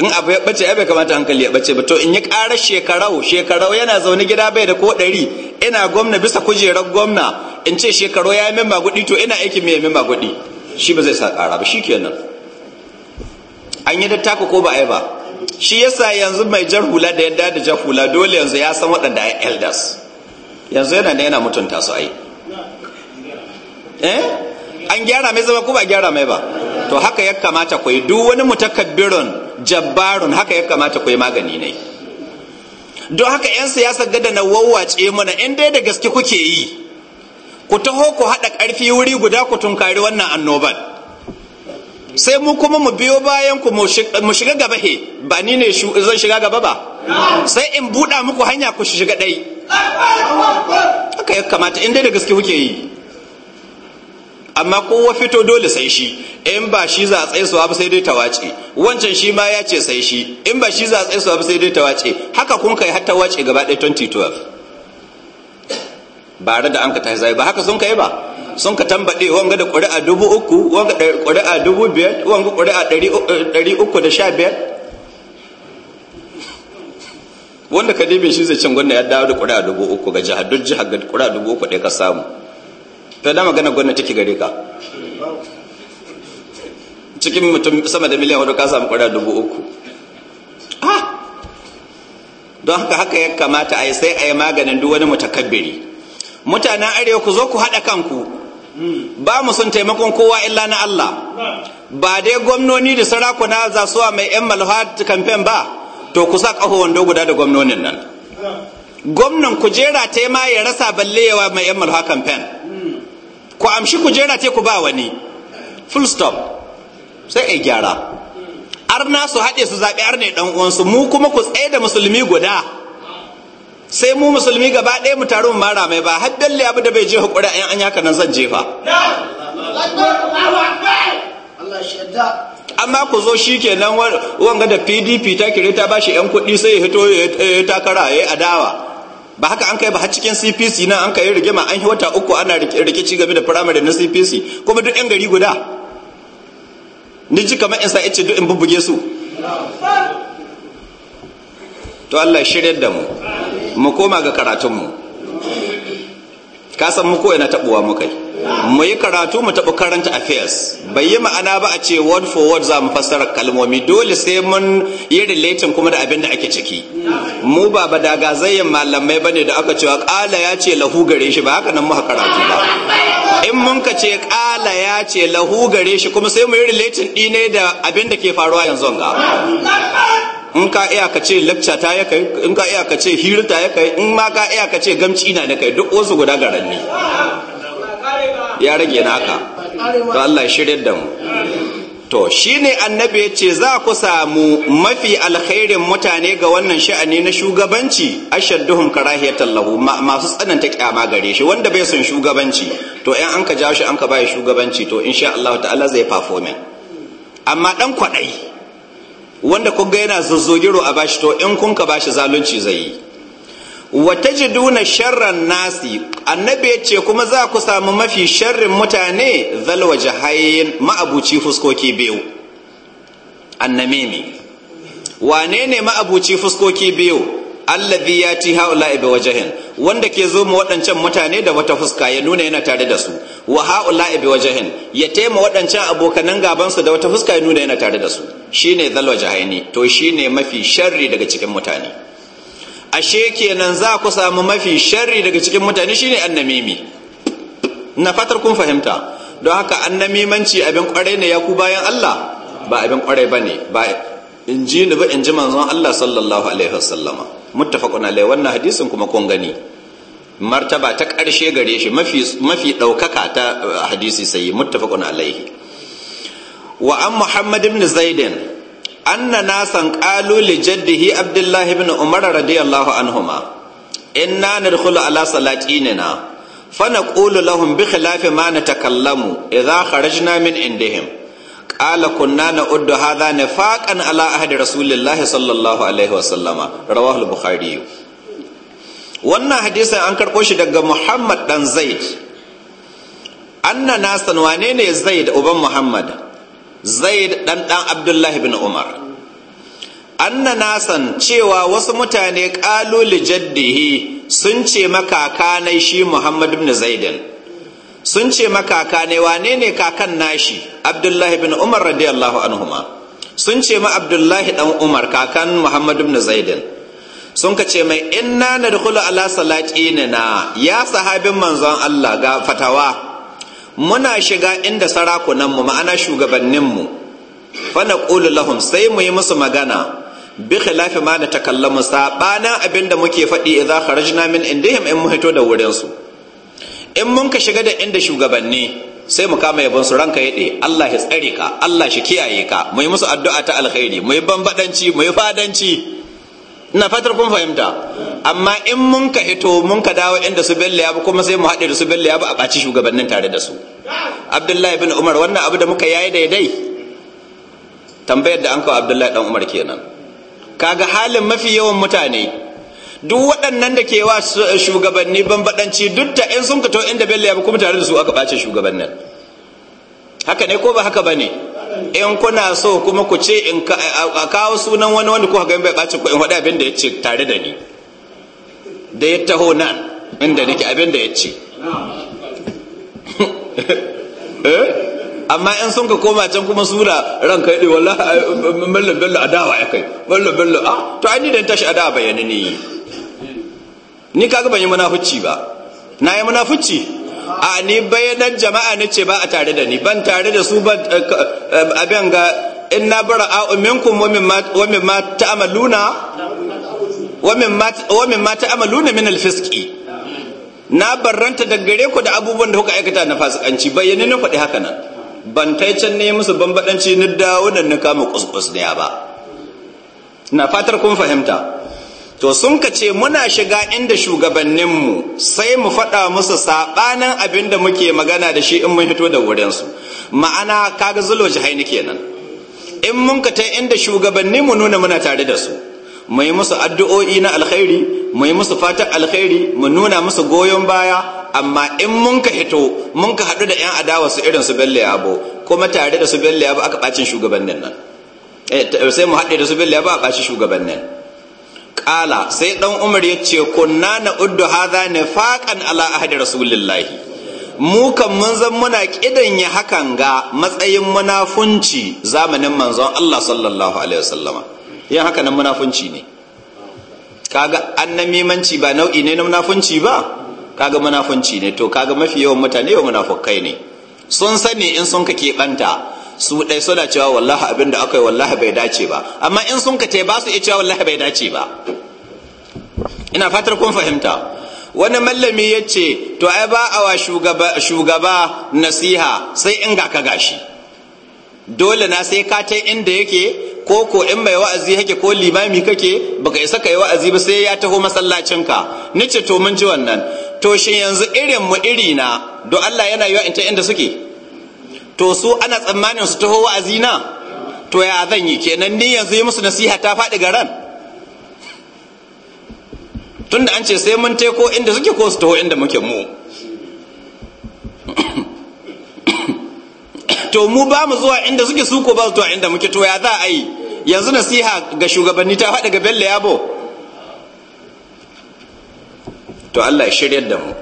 in abu ya bace bai kamata hankali ya bace ba to in yi ƙara shekarau shekarau yana zaune gida bai da ko ɗari ina gwamna bisa kujerar gwamna in ce shekarau ya yi min magudi to ina aikin mai min magudi shi ba zai sa ƙara ba shi kenan an yi dattako ko ba a yi ba shi yasa yanzu mai jar hula da yadda da jar hula dole yanzu ya san waɗanda ya elders yanzu yana da yana mutunta su ai eh an gyara mai zama ko ba gyara mai ba to haka ya kamata ku yi duk wani mutakabbirin jabbarun haka ya kamata ku yi magani ne don haka 'yan siyasa gada na wawwace mana in dai da gaske kuke yi ku taho ku haɗa ƙarfi wuri guda ku tunkari wannan annoban sai mu kuma mu biyo bayan ku mu shiga gaba he ba ni ne zan shiga gaba ba sai in buɗa muku hanya ku shiga ɗai haka ya kamata in dai da gaske kuke yi amma kowa fito dole sai shi in ba shi za a tsaye su abu sai dai tawace wancan shi ma ya ce sai shi in ba shi za a tsaye su abu sai dai tawace haka kun kai har tawace gaba ɗaya 2012 ba da an ka tashi zai ba haka sun kai ba sun ka tambaɗe wanga da ƙuri'a dubu uku wanga da ƙuri'a dubu biyar wanga ƙuri'a ɗari eh, uku da sha biyar wanda ka dibe shi zai cin gwanda ya dawo da ƙuri'a dubu uku ga jihar duk jihar ga ƙuri'a dubu uku ɗaya ka samu to da magana gwamnati take gare ka cikin mutum sama da miliyan hudu ka samu kwara dubu uku don haka haka ya kamata a yi sai a yi maganin duk wani mutakabbiri mutanen arewa ku zo ku haɗa kanku ba mu sun taimakon kowa illa na Allah ba dai gwamnoni da sarakuna za su wa mai yan malhat kamfen ba to ku sa ƙaho wando guda da gwamnonin nan gwamnan kujera ta ma ya rasa balle yawa mai yan malhat kamfen ku amshi ku te ku ba wani full stop sai a gyara arna su haɗe su zaɓi ne ɗan uwansu mu kuma ku tsaye da musulmi guda sai mu musulmi gaba ɗaya mu taru mu mara mai ba har dalle abu da bai je hukuri an an yaka nan zan jefa amma ku zo shi kenan wanga da pdp ta kire ta bashi yan kuɗi sai ya hito ya takara ya adawa ba haka an kai ba har cikin CPC na an kai ma an yi wata uku ana rike ci game da firamare na CPC kuma duk 'yan gari guda ni ji kamar in sa ice duk in bubbuge su to Allah shiryar da mu mu koma ga karatunmu ka san mu ko ina tabuwa mu kai mu yi karatu mu taɓa current affairs bai yi ma'ana ba a ce word for word za mu fassara kalmomi dole sai mun yi relating kuma da abin da ake ciki mu ba ba da zayyan malamai bane da aka cewa ƙala ya ce lahu gare shi ba haka nan mu karatu ba in mun ka ce ƙala ya ce lahu gare shi kuma sai mu yi relating ne da abin da ke faruwa yanzu ga in ka iya ka ce lecture ta ya kai in ka iya ka ce hirta ya kai in ma ka iya ka ce gamci na da kai duk wasu guda garanni ya rage naka to Allah ya shirye da mu to shine annabi ya ce za ku samu mafi alkhairin mutane ga wannan sha'ani na shugabanci ashadduhum karahiyatan lahu masu tsananta kyama gare shi wanda bai son shugabanci to in an ka ja shi an ka bai shugabanci to insha Allah ta'ala zai performing amma dan kwadai wanda kun ga yana zazzogiro a bashi to in kun ka bashi zalunci zai yi wa duna sharran nasi annabi ce kuma za ku samu mafi sharrin mutane zalwa jahayin ma'abuci fuskoki biyu ne wane ne ma'abuci fuskoki biyu allazi haula haula'i wajahin wanda ke zo mu waɗancan mutane da wata fuska ya nuna yana tare da su wa haula'i wajahin ya taimaka waɗancan abokanan gaban su da wata fuska ya nuna yana tare da su shine zalwa jahaini to shine mafi sharri daga cikin mutane ashe kenan za ku samu mafi sharri daga cikin mutane shine annamimi na fatar kun fahimta don haka annamimanci abin kwarai ne ya ku bayan Allah ba abin kwarai ne. ba in ji ni ba in ji manzon Allah sallallahu alaihi wasallama muttafaqun alai wannan hadisin kuma kun gani martaba ta ƙarshe gare shi mafi mafi ɗaukaka ta eh, hadisi sai muttafaqun alaihi wa an muhammad ibn zaidin anna nasan qalu li jaddihi abdullahi bin umar radiyallahu anhuma inna nadkhulu ala salatinina fa naqulu lahum bi khilafi ma natakallamu idha kharajna min indihim qala kunna na'uddu hadha nifaqan ala ahdi rasulillahi sallallahu alaihi wa sallama rawahu bukhari wannan hadisin an karɓo shi daga muhammad dan zaid anna wanene wane ne zaid uban muhammad zaid dan dan abdullah bin umar anna nasan cewa wasu mutane ƙalu li jaddihi sun ce ne shi Muhammad ibn Zaidin sun ce ne wane ne kakan nashi Abdullahi ibn Umar radiyallahu anhuma sun ce ma Abdullahi dan Umar kakan Muhammad ibn Zaidin sun ka ce mai inna nadkhulu ala na, ya sahabin manzon Allah ga fatawa muna shiga inda mu, ma'ana shugabannin shugabanninmu fana ƙulu lahum sai mu yi musu magana bi khilafi ma na takallamu saɓana abin da muke faɗi idza kharajna min indihim in mun hito da su in mun ka shiga da inda shugabanni sai mu kama yabon su ranka yaɗe Allah ya tsare ka Allah shi kiyaye ka mu yi musu addu'a ta alkhairi mu yi bambadanci mu yi fadanci ina fatar kun fahimta amma in mun ka hito mun ka dawo inda su bello ya kuma sai mu haɗe da su bello ya a ɓaci shugabannin tare da su abdullahi bin umar wannan abu da muka yayi daidai tambayar da an kawo abdullahi dan umar kenan kaga halin mafi yawan mutane duk waɗannan da ke wa shugabanni bambaɗanci duk da in sun fito inda bello ya kuma tare da su aka ɓace shugabannin haka ne ko ba haka ba ne in kuna so kuma ku ce in kawo sunan wani wanda kuka ga bai ɓaci ku in faɗi abin da ya ce tare da ni da ya taho nan inda nake abin da ya ce eh? amma in sun ka koma can kuma sura ran kai ɗi wala mallam bello adawa ya kai mallam bello a ah, to ai ni da tashi adawa bayani ne ni kaga ban yi munafuci ba na yi munafuci a ni bayanan jama'a na ce ba a tare da ni ban tare da su ba eh, eh, abin ga in na bara a minkum wa ma ta'maluna wa min ma ta'amaluna min alfiski na barranta da gare ku da abubuwan da kuka aikata na fasikanci bayyane na faɗi haka nan ban tai can ne musu bambadanci ni dawo da na kama kuskus da ya ba na fatar kun fahimta to sun ka ce muna shiga inda shugabanninmu sai mu faɗa musu saɓanin abin da muke magana da shi in mun fito da wurinsu ma'ana kaga zulo jihai kenan in mun ka ta inda shugabanninmu nuna muna tare da su mu yi musu addu'o'i na alkhairi mu yi musu fatan alkhairi mu nuna musu goyon baya amma in mun ka hito mun ka haɗu da 'yan adawa su irin su bello yabo kuma tare da su bello yabo aka ɓacin shugabannin nan eh, sai mu haɗe da su bello yabo a ɓaci shugabannin ƙala sai ɗan umar ya ce kunna na uddu haza ne faƙan ala ahadi rasulillahi mu kan mun zan muna ya hakan ga matsayin munafunci zamanin manzon Allah sallallahu alaihi wasallama yin haka nan munafunci ne kaga annamimanci ba nau'i ne na munafunci ba kaga munafunci ne to kaga mafi yawan mutane yawan munafukai ne sun sani in sun ka keɓanta su ɗai suna cewa wallahi abin da aka yi wallahi bai dace ba amma in sun ka te ba su cewa wallahi bai dace ba ina fatar kun fahimta wani mallami ya ce to ai ba a wa shugaba nasiha sai in ga ka gashi dole na sai ka ta inda yake ko ko in mai wa'azi yake ko limami kake baka isa ka yi wa'azi ba sai ya taho masallacinka ce to mun ji wannan to shin yanzu irin mu iri na don Allah yana yiwa in ta inda suke to su ana tsammanin su taho wa'azi na to ya zan yi kenan ni yanzu yi musu nasiha ta faɗi garan tunda an ce sai mun te ko inda suke ko su taho inda muke mu to mu ba mu zuwa inda suke suko ba zuwa inda muke to ya za a yi yanzu nasiha ga shugabanni ta faɗa ga bello yabo to Allah ya shiryar da mu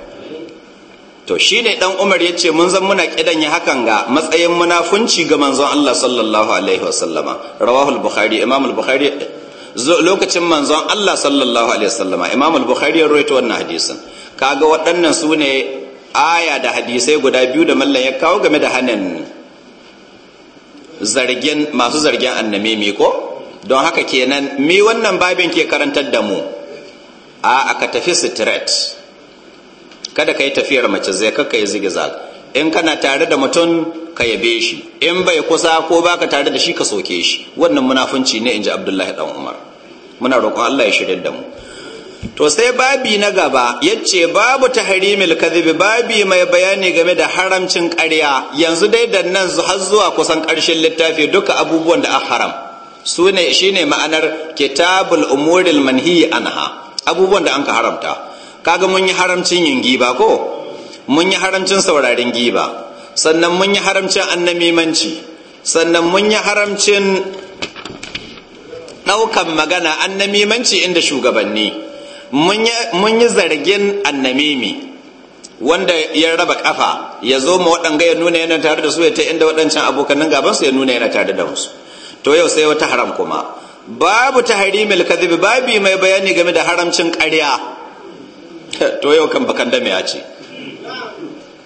to shine dan Umar yace mun zan muna kidan ya hakan ga matsayin munafunci ga manzon Allah sallallahu alaihi wasallama rawahu al-bukhari imam al-bukhari lokacin manzon Allah sallallahu alaihi wasallama imam al-bukhari ya rawaito wannan hadisin kaga waɗannan su ne aya da hadisai guda biyu da mallan ya kawo game da hanin zargin masu zargin annamimi ko don haka kenan mi wannan babin ke karantar da mu a aka tafi straight kada ka tafiyar mace zai kakkai yi zigzag in kana tare da mutum ka yabe shi in bai kusa ko baka tare da shi ka soke shi wannan munafunci ne inji abdullahi dan umar muna roƙon allah ya shirya da mu to sai babi na gaba yace babu tahrimil kadhibi babi mai bayani game da haramcin ƙarya yanzu dai da nan har zuwa kusan ƙarshen littafi duka abubuwan da a haram sune shine ma'anar kitabul umuril manhi anha abubuwan da an ka haramta kaga mun yi haramcin yin giba ko mun yi haramcin sauraren giba sannan mun yi haramcin annamimanci sannan mun yi haramcin ɗaukan magana annamimanci inda shugabanni mun yi zargin annamimi wanda ya raba kafa ya zo ma waɗanga ya nuna yana tare da su ya ta inda waɗancan abokanan gabansu ya nuna yana tare da wasu to yau sai wata haram kuma babu ta harimil kadhibi babi mai bayani game da haramcin ƙarya to yau kan bakan da ya ce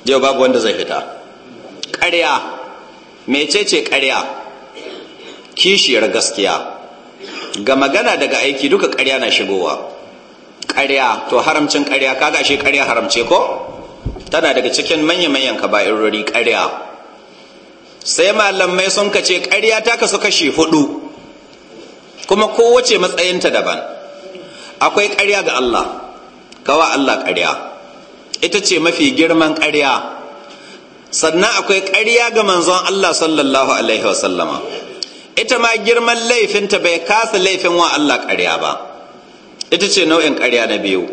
yau babu wanda zai fita ƙarya mecece ƙarya kishiyar gaskiya ga magana daga aiki duka ƙarya na shigowa ƙarya to haramcin ƙarya ka gashe ƙarya haramce ko tana daga cikin manya-manyan kaba'irori ƙarya sai malamai sun kace ƙarya ta kasu kashi hudu kuma kowace matsayinta daban akwai ƙarya ga Allah kawa Allah ƙarya ita ce mafi girman ƙarya sannan akwai ƙarya ga manzon Allah sallallahu alaihi wasallama ita ma girman laifinta bai kasa laifin wa Allah ƙarya ba ita ce nau'in ƙarya na biyu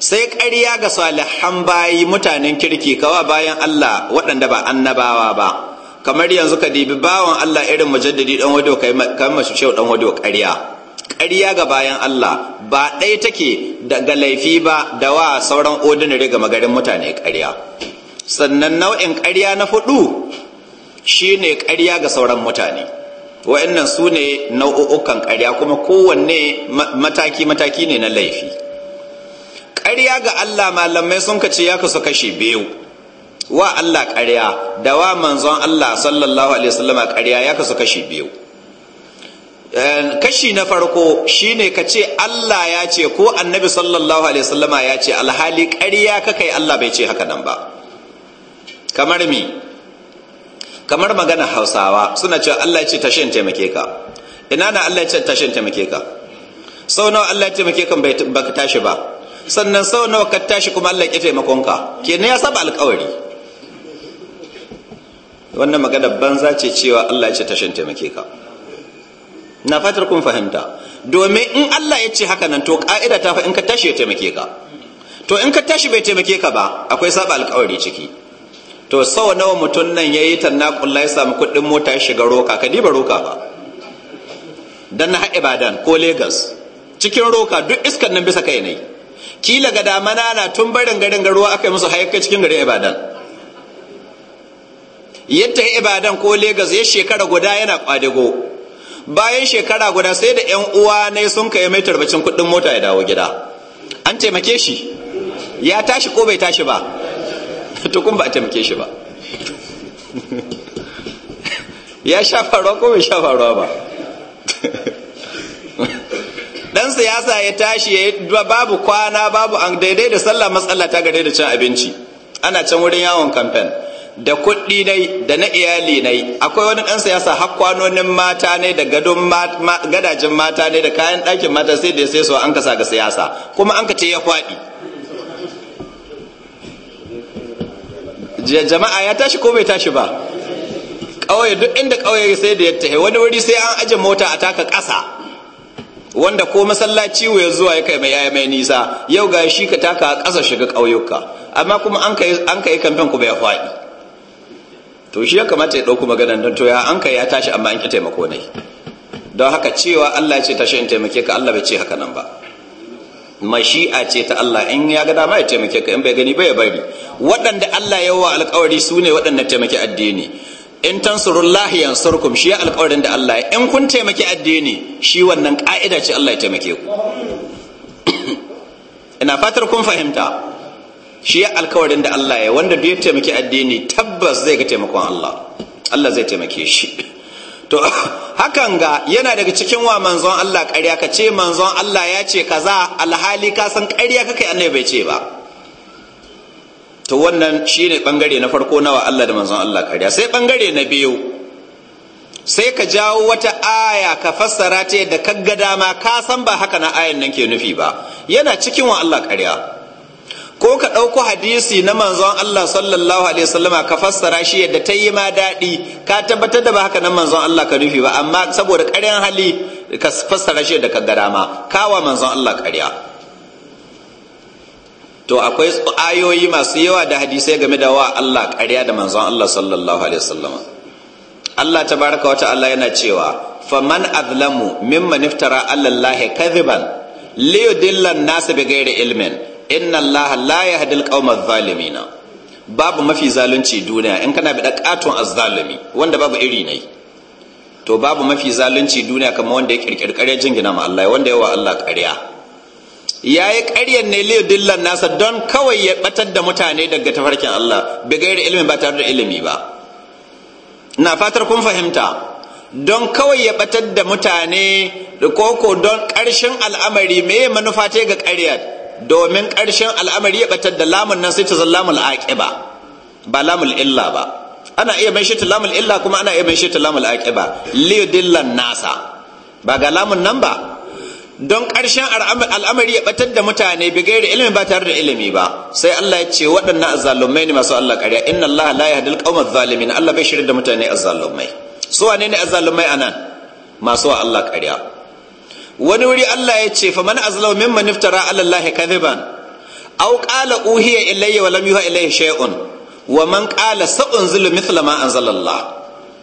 sai ƙarya ga salihan bayi mutanen kirki kawa bayan Allah waɗanda ba annabawa ba kamar yanzu ka dibi bawan Allah irin mujaddadi dan wado kai masu shau dan wado ƙarya ƙarya ga bayan Allah ba ɗaya take daga laifi ba da wa sauran ordinary ga magarin mutane ƙarya sannan nau'in ƙarya na hudu shine ƙarya ga sauran mutane wa'annan su ne nau'ukan ƙarya kuma kowanne mataki-mataki ne na laifi ƙarya ga Allah malamai sun kace ya kasu kashe biyu wa Allah ƙarya da wa manzon Allah sallallahu alaihi wasallama ƙarya ya kasu kashe biyu ehm, kashi na farko shine ka ce Allah ya ce ko annabi sallallahu alaihi wasallama ya ce alhali ƙarya kakai Allah bai ce haka nan ba kamar mi kamar magana hausawa suna cewa Allah ya ce tashin taimake ka ina na Allah ya ce tashin taimake ka sau nawa Allah ya taimake ka ba ka tashi ba sannan sau nawa ka tashi kuma Allah ya taimakon ka kenan ya saba alkawari wannan magana banza ce cewa Allah ya ce tashin taimake ka na fatar kun fahimta domin in Allah ya ce haka nan to ka'ida ta fa in ka tashi ya taimake ka to in ka tashi bai taimake ka ba akwai saba alkawari ciki to sau nawa mutum nan ya yi tannakulla ya samu kuɗin mota ya shiga roka ka diba roka ba don na ibadan ko Legas. cikin roka duk iskan nan bisa kai ne kila ga damana na tun barin garin garuwa aka yi musu hayakka cikin garin ibadan yadda ibadan ko Legas ya shekara guda yana kwadago bayan shekara guda sai da yan uwa ne sun kai mai tarbacin kuɗin mota ya dawo gida an taimake shi ya tashi ko bai tashi ba to kun ba a taimake shi ba ya sha faruwa ko bai sha faruwa ba ya siyasa ya tashi ya yi babu kwana babu an daidai da sallah matsala ta gare da cin abinci ana can wurin yawon kamfen da kuɗi nai da na iyali nai akwai wani ɗan siyasa har kwanonin mata ne da gadon gadajin mata ne da kayan ɗakin mata sai da sai so an kasa ga siyasa kuma an ka ce ya faɗi jama'a ya tashi ko bai tashi ba ƙauye duk inda ƙauye sai da ya tahe wani wuri sai an aje mota a taka ƙasa wanda ko masallaci ya zuwa ya kai mai yaya mai nisa yau ga shi ka taka ƙasa shiga ƙauyuka amma kuma an ka yi kamfen ku bai faɗi to shi ya kamata ya ɗauku maganan don to ya an kai ya tashi amma an ki taimako ne don haka cewa Allah ya ce tashi in taimake ka Allah bai ce haka nan ba mashi'a ce ta Allah in ya ga dama ya taimake ka in bai gani ba ya bari waɗanda Allah ya wa alƙawari su ne waɗanda taimake addini in tansurullahi yansurkum shi alƙawarin da Allah ya in kun taimake addini shi wannan ƙa'ida ce Allah ya taimake ku ina fatar kun fahimta shi alƙawarin da Allah ya wanda duk ya taimake addini tabbas zai ga taimakon Allah Allah zai taimake shi to hakan ga yana daga cikin wa manzon Allah ƙarya ka ce manzon Allah ya ce kaza alhali ka san ƙarya kai, annabi bai ce ba to wannan shine bangare na farko nawa Allah da manzon Allah ƙarya sai bangare na biyu sai ka jawo wata aya ka fassara ta yadda ga dama ka san ba haka na ayan nan ke nufi ba yana cikin wa Allah ƙarya ko ka ɗauko hadisi na manzon Allah sallallahu alaihi wasallama ka fassara shi yadda ta yi ma daɗi ka tabbatar da ba haka nan manzon Allah ka nufi ba amma saboda ƙaryan hali ka fassara shi yadda ka ga dama kawa manzon Allah ƙarya to akwai ayoyi masu yawa da hadisai game da wa Allah ƙarya da manzon Allah sallallahu alaihi wasallama Allah tabaraka wa ta'ala yana cewa faman azlamu mimman iftara alallahi kadhiban liyudilla an-nasa bighairi ilmin inna allaha la yahdi alqauma na. babu mafi zalunci duniya in kana bi katon azzalimi wanda babu iri nai to babu mafi zalunci duniya kamar wanda ya kirkiri ƙarya jingina ma Allah wanda yawa Allah ƙarya ya yi ne liyu dillan nasa don kawai ya batar da mutane daga tafarkin Allah bai gairi ilimin ba tare da ilimi ba na fatar kun fahimta don kawai ya batar da mutane da koko don ƙarshen al'amari me manufa ta ga ƙaryar domin ƙarshen al'amari ya batar da lamun nan sai ta zan lamul aqiba ba lamul illa ba ana iya mai ta lamul illa kuma ana iya mai ta lamul aqiba liyudillan nasa ba ga lamun nan ba don ƙarshen al'amari ya batar da mutane bi gairi ilimi ba tare da ilimi ba sai Allah ya ce waɗannan azzalumai ne masu Allah ƙarya inna Allah la yahdil qawmaz zalimin Allah bai shirin da mutane azzalumai su wane ne azzalumai anan masu wa Allah ƙarya wani wuri Allah ya ce fa man azlaw mimman iftara ala Allah kadhiban aw qala uhiya ilayya wa lam yuha shay'un wa man qala sa'unzilu mithla ma anzalallah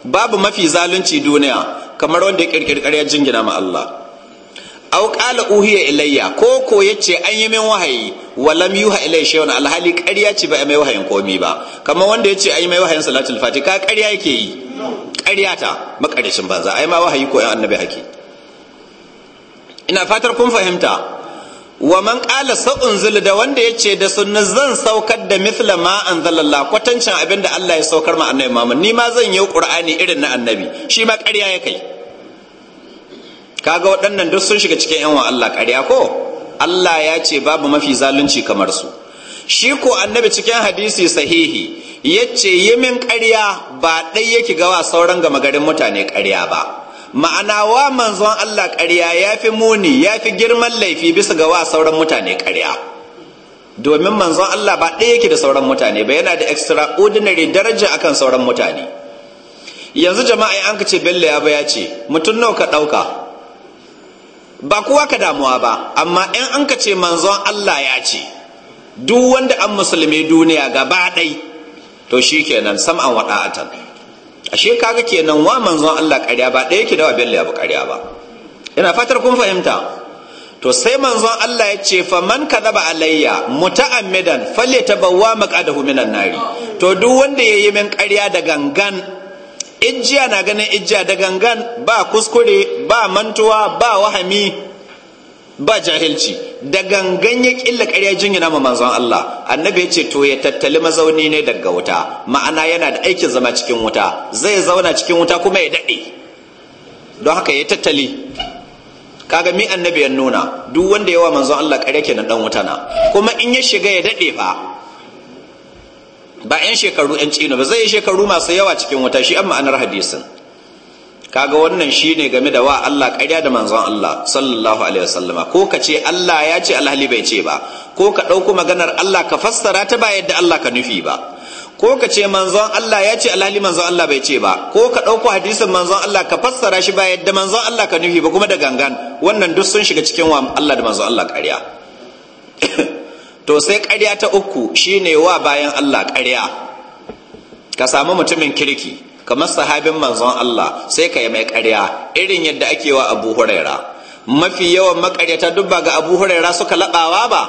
babu mafi zalunci duniya kamar wanda ya kirkiri ƙarya jingina ma Allah aw qala uhiya ilayya ko ko yace an yi min wahayi wa lam yuha shay'un alhali ƙarya ce ba mai wahayin komi ba kamar wanda yace an yi mai wahayin salatul fatiha ƙarya yake yi ƙarya ta makarishin banza ai ma wahayi ko annabi hake ina fatar kun fahimta wa man qala sa'unzil da wanda yace da sunna zan saukar da mithla ma anzalallah kwatancin abin da Allah ya saukar ma annabi Muhammad ni ma zan yi qur'ani irin na annabi shi ma ƙarya ya kai kaga waɗannan duk sun shiga cikin yanwa Allah ƙarya ko Allah ya ce babu mafi zalunci kamar su shi ko annabi cikin hadisi sahihi yace yi min ƙarya ba ɗai yake gawa sauran gama garin mutane ƙarya ba ma'ana wa manzon Allah ƙarya ya fi muni ya fi girman laifi bisa ga wa sauran mutane ƙarya domin manzon Allah ba ɗaya yake da sauran mutane ba yana da extraordinary daraja akan sauran mutane yanzu jama'a an ka ce bello ya ya ce mutum nawa ka ɗauka ba kowa ka damuwa ba amma in an ka ce manzon Allah ya ce duk wanda an musulmi duniya gaba ɗai to shi kenan sam'an wada'atan ashe kaga kenan wa manzon Allah ƙarya ba ɗaya yake da bello ya bu ƙarya ba ina fatar kun fahimta to sai manzon Allah ya ce fa man kadaba alayya muta'ammidan falyatabawwa maq'adahu minan nari to duk wanda yayi min ƙarya da gangan ijiya na ganin ijiya da gangan ba kuskure ba mantuwa ba wahami ba jahilci da gangan ya killa ƙarya jingina ma manzon Allah annabi ya ce to ya tattali mazauni ne daga wuta ma'ana yana da aikin zama cikin wuta zai zauna cikin wuta kuma ya daɗe don haka ya tattali kaga mi annabi ya nuna duk wanda yawa manzon Allah ƙarya kenan dan wuta na kuma in ya shiga ya daɗe fa ba 'yan shekaru 'yan cino ba zai yi shekaru masu yawa cikin wuta shi an ma'anar hadisin kaga wannan shine game da wa Allah ƙarya da manzon Allah sallallahu alaihi wasallama ko ka ce Allah ya ce alhali bai ce ba ko ka ɗauko maganar Allah ka fassara ta ba yadda Allah ka nufi ba ko ka ce manzon Allah ya ce alhali manzon Allah bai ce ba ko ka ɗauko hadisin manzon Allah ka fassara shi ba yadda manzon Allah ka nufi ba kuma da gangan wannan duk sun shiga cikin wa Allah da manzon Allah ƙarya to sai ƙarya ta uku shine wa bayan Allah ƙarya ka samu mutumin kirki kamar sahabin manzon Allah sai ka yi mai ƙarya irin yadda ake wa Abu Huraira mafi yawan makaryata duk ba ga Abu Huraira suka laɓawa ba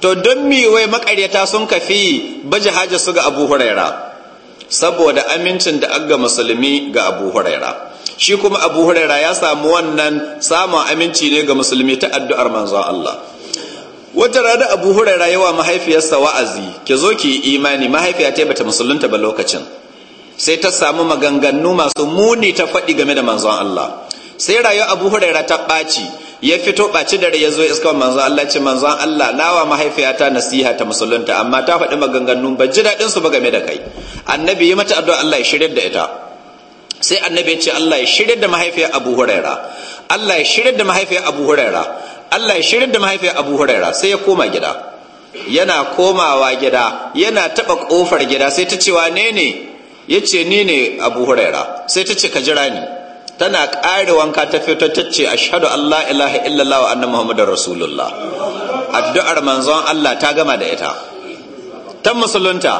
to don mi wai makaryata sun kafi baje haja su ga Abu Huraira saboda amincin da aga musulmi ga Abu Huraira shi kuma Abu Huraira ya samu wannan samun aminci ne ga musulmi ta addu'ar manzon Allah wata rana abu huraira yawa mahaifiyarsa wa'azi ki zo ki imani mahaifiya ta bata musulunta ba lokacin sai ta samu maganganu masu muni ta faɗi game da manzon Allah sai rayuwar abu huraira ta ɓaci ya fito ɓaci dare ya zo iska manzon Allah ce manzon Allah nawa mahaifiyata nasiha ta musulunta amma ta faɗi maganganu ba ji daɗin su ba game da kai annabi yi mata addu'a Allah ya shirya da ita sai annabi ya ce Allah ya shirya da mahaifiyar abu huraira Allah ya shirya da mahaifiyar abu huraira Allah ya shirya da mahaifiyar abu huraira sai ya koma gida yana komawa gida yana taɓa ƙofar gida sai ta ce wane ne ya ce ni ne abu huraira sai ta ce ka jira ni tana ƙare wanka ta fito ta ce a shaɗu allah ilaha illallah wa anna muhammadar rasulullah addu'ar manzon allah ta gama da ita ta musulunta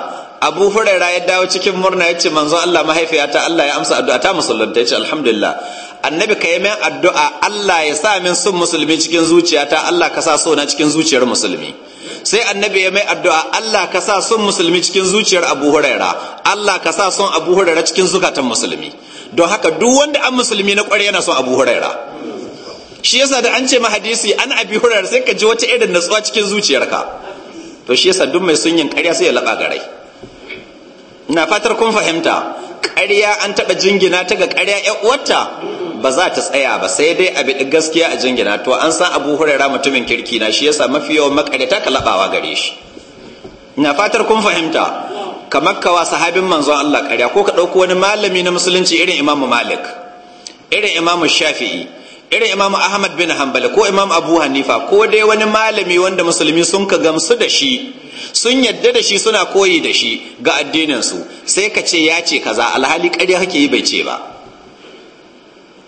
abu huraira ya dawo cikin murna ya ce manzon allah mahaifiyata allah ya amsa addu'a ta musulunta ya ce alhamdulillah annabi ka yi min addu'a allah ya sa min sun musulmi cikin zuciyata allah ka sa so na cikin zuciyar musulmi sai annabi ya mai addu'a Allah ka sa sun musulmi cikin zuciyar Abu Huraira Allah ka sa son Abu Huraira cikin zukatan musulmi don haka duk wanda an musulmi na ƙwarya yana son Abu Huraira shi yasa da an ce ma hadisi an Abi Huraira sai ka ji wata irin natsuwa cikin zuciyarka to shi yasa duk mai yin ƙarya sai ya laba garai ina fatar kun fahimta ƙarya an taɓa jingina ta ga ƙarya ƴan uwarta ba za ta tsaya ba sai dai a biɗi gaskiya a jingina to an san abu hurera mutumin kirki na shi yasa mafi yawan makarita ka labawa gare shi ina fatar kun fahimta kamar kawa sahabin manzon Allah ƙarya ko ka ɗauko wani malami na musulunci irin imamu malik irin imamu shafi'i irin imamu ahmad bin hanbali ko imam abu hanifa ko dai wani malami wanda musulmi sun ka gamsu da shi sun yadda da shi suna koyi da shi ga addinin su sai ka ce ya ce kaza alhali ƙarya kake yi bai ce ba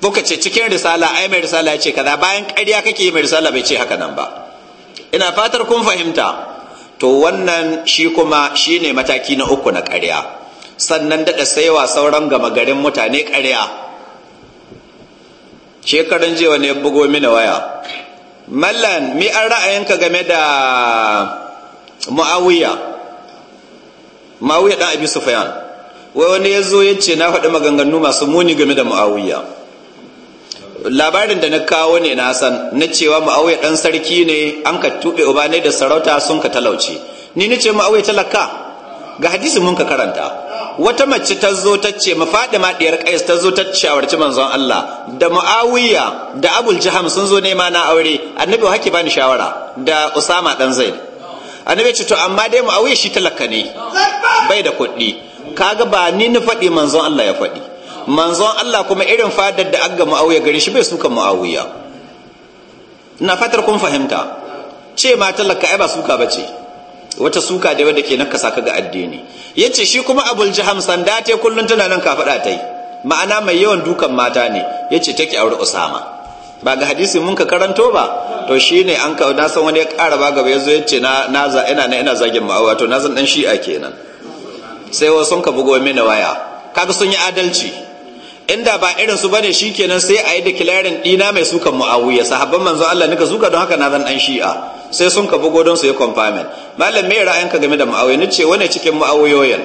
muka ce cikin risala ai mai risala ya ce kaza bayan ƙarya kake mai risala bai ce haka nan ba ina fatar kun fahimta to wannan shi kuma shi ne mataki na uku na ƙarya sannan daɗa saiwa sauran gama garin mutane ƙarya shekarun jewa ne bugo mini waya mallan mi an ra'ayinka game da mu'awiya mu'awiya ɗan abi sufyan wai wani ya zo ya ce na faɗi maganganu masu muni game da mu'awiya labarin da na kawo ne na san na cewa ma'auya dan sarki ne an ka tuɓe ne da sarauta sun ka talauci ni ni ce ma'auya talaka ga hadisi mun ka karanta wata mace ta zo ta ce ma ɗiyar ƙais ta zo ta shawarci manzon Allah da mu'awiya da abul jaham sun zo nema na aure annabi haki bani shawara da usama dan zaid annabi ce to amma dai mu'awiya shi talaka ne bai da kuɗi kaga ba ni ni faɗi manzon Allah ya faɗi manzon Allah kuma irin fadar da aga ma'auya gari shi bai sukan ma'auya. ina fatar kun fahimta ce ma talaka ai ba suka bace wata suka da wadda ke nakasa ka ga addini yace shi kuma abul jaham sanda ta kullun tana nan ka fada tai ma'ana mai yawan dukan mata ne yace take aure usama ba ga hadisi mun ka karanto ba to ne an ka na san wani ya ƙara ba gaba yazo yace na na za na ina zagin ma'auya to na zan dan shi'a kenan sai wasu sun ka bugo mini waya kaga sun yi adalci inda ba irin su bane shikenan sai a yi kilarin dina mai sukan muawiya sahabban manzo Allah nika suka don haka na zan dan shi'a sai sun ka bugo don su yi confinement malam me ka game da muawiya nace wane cikin muawiyoyin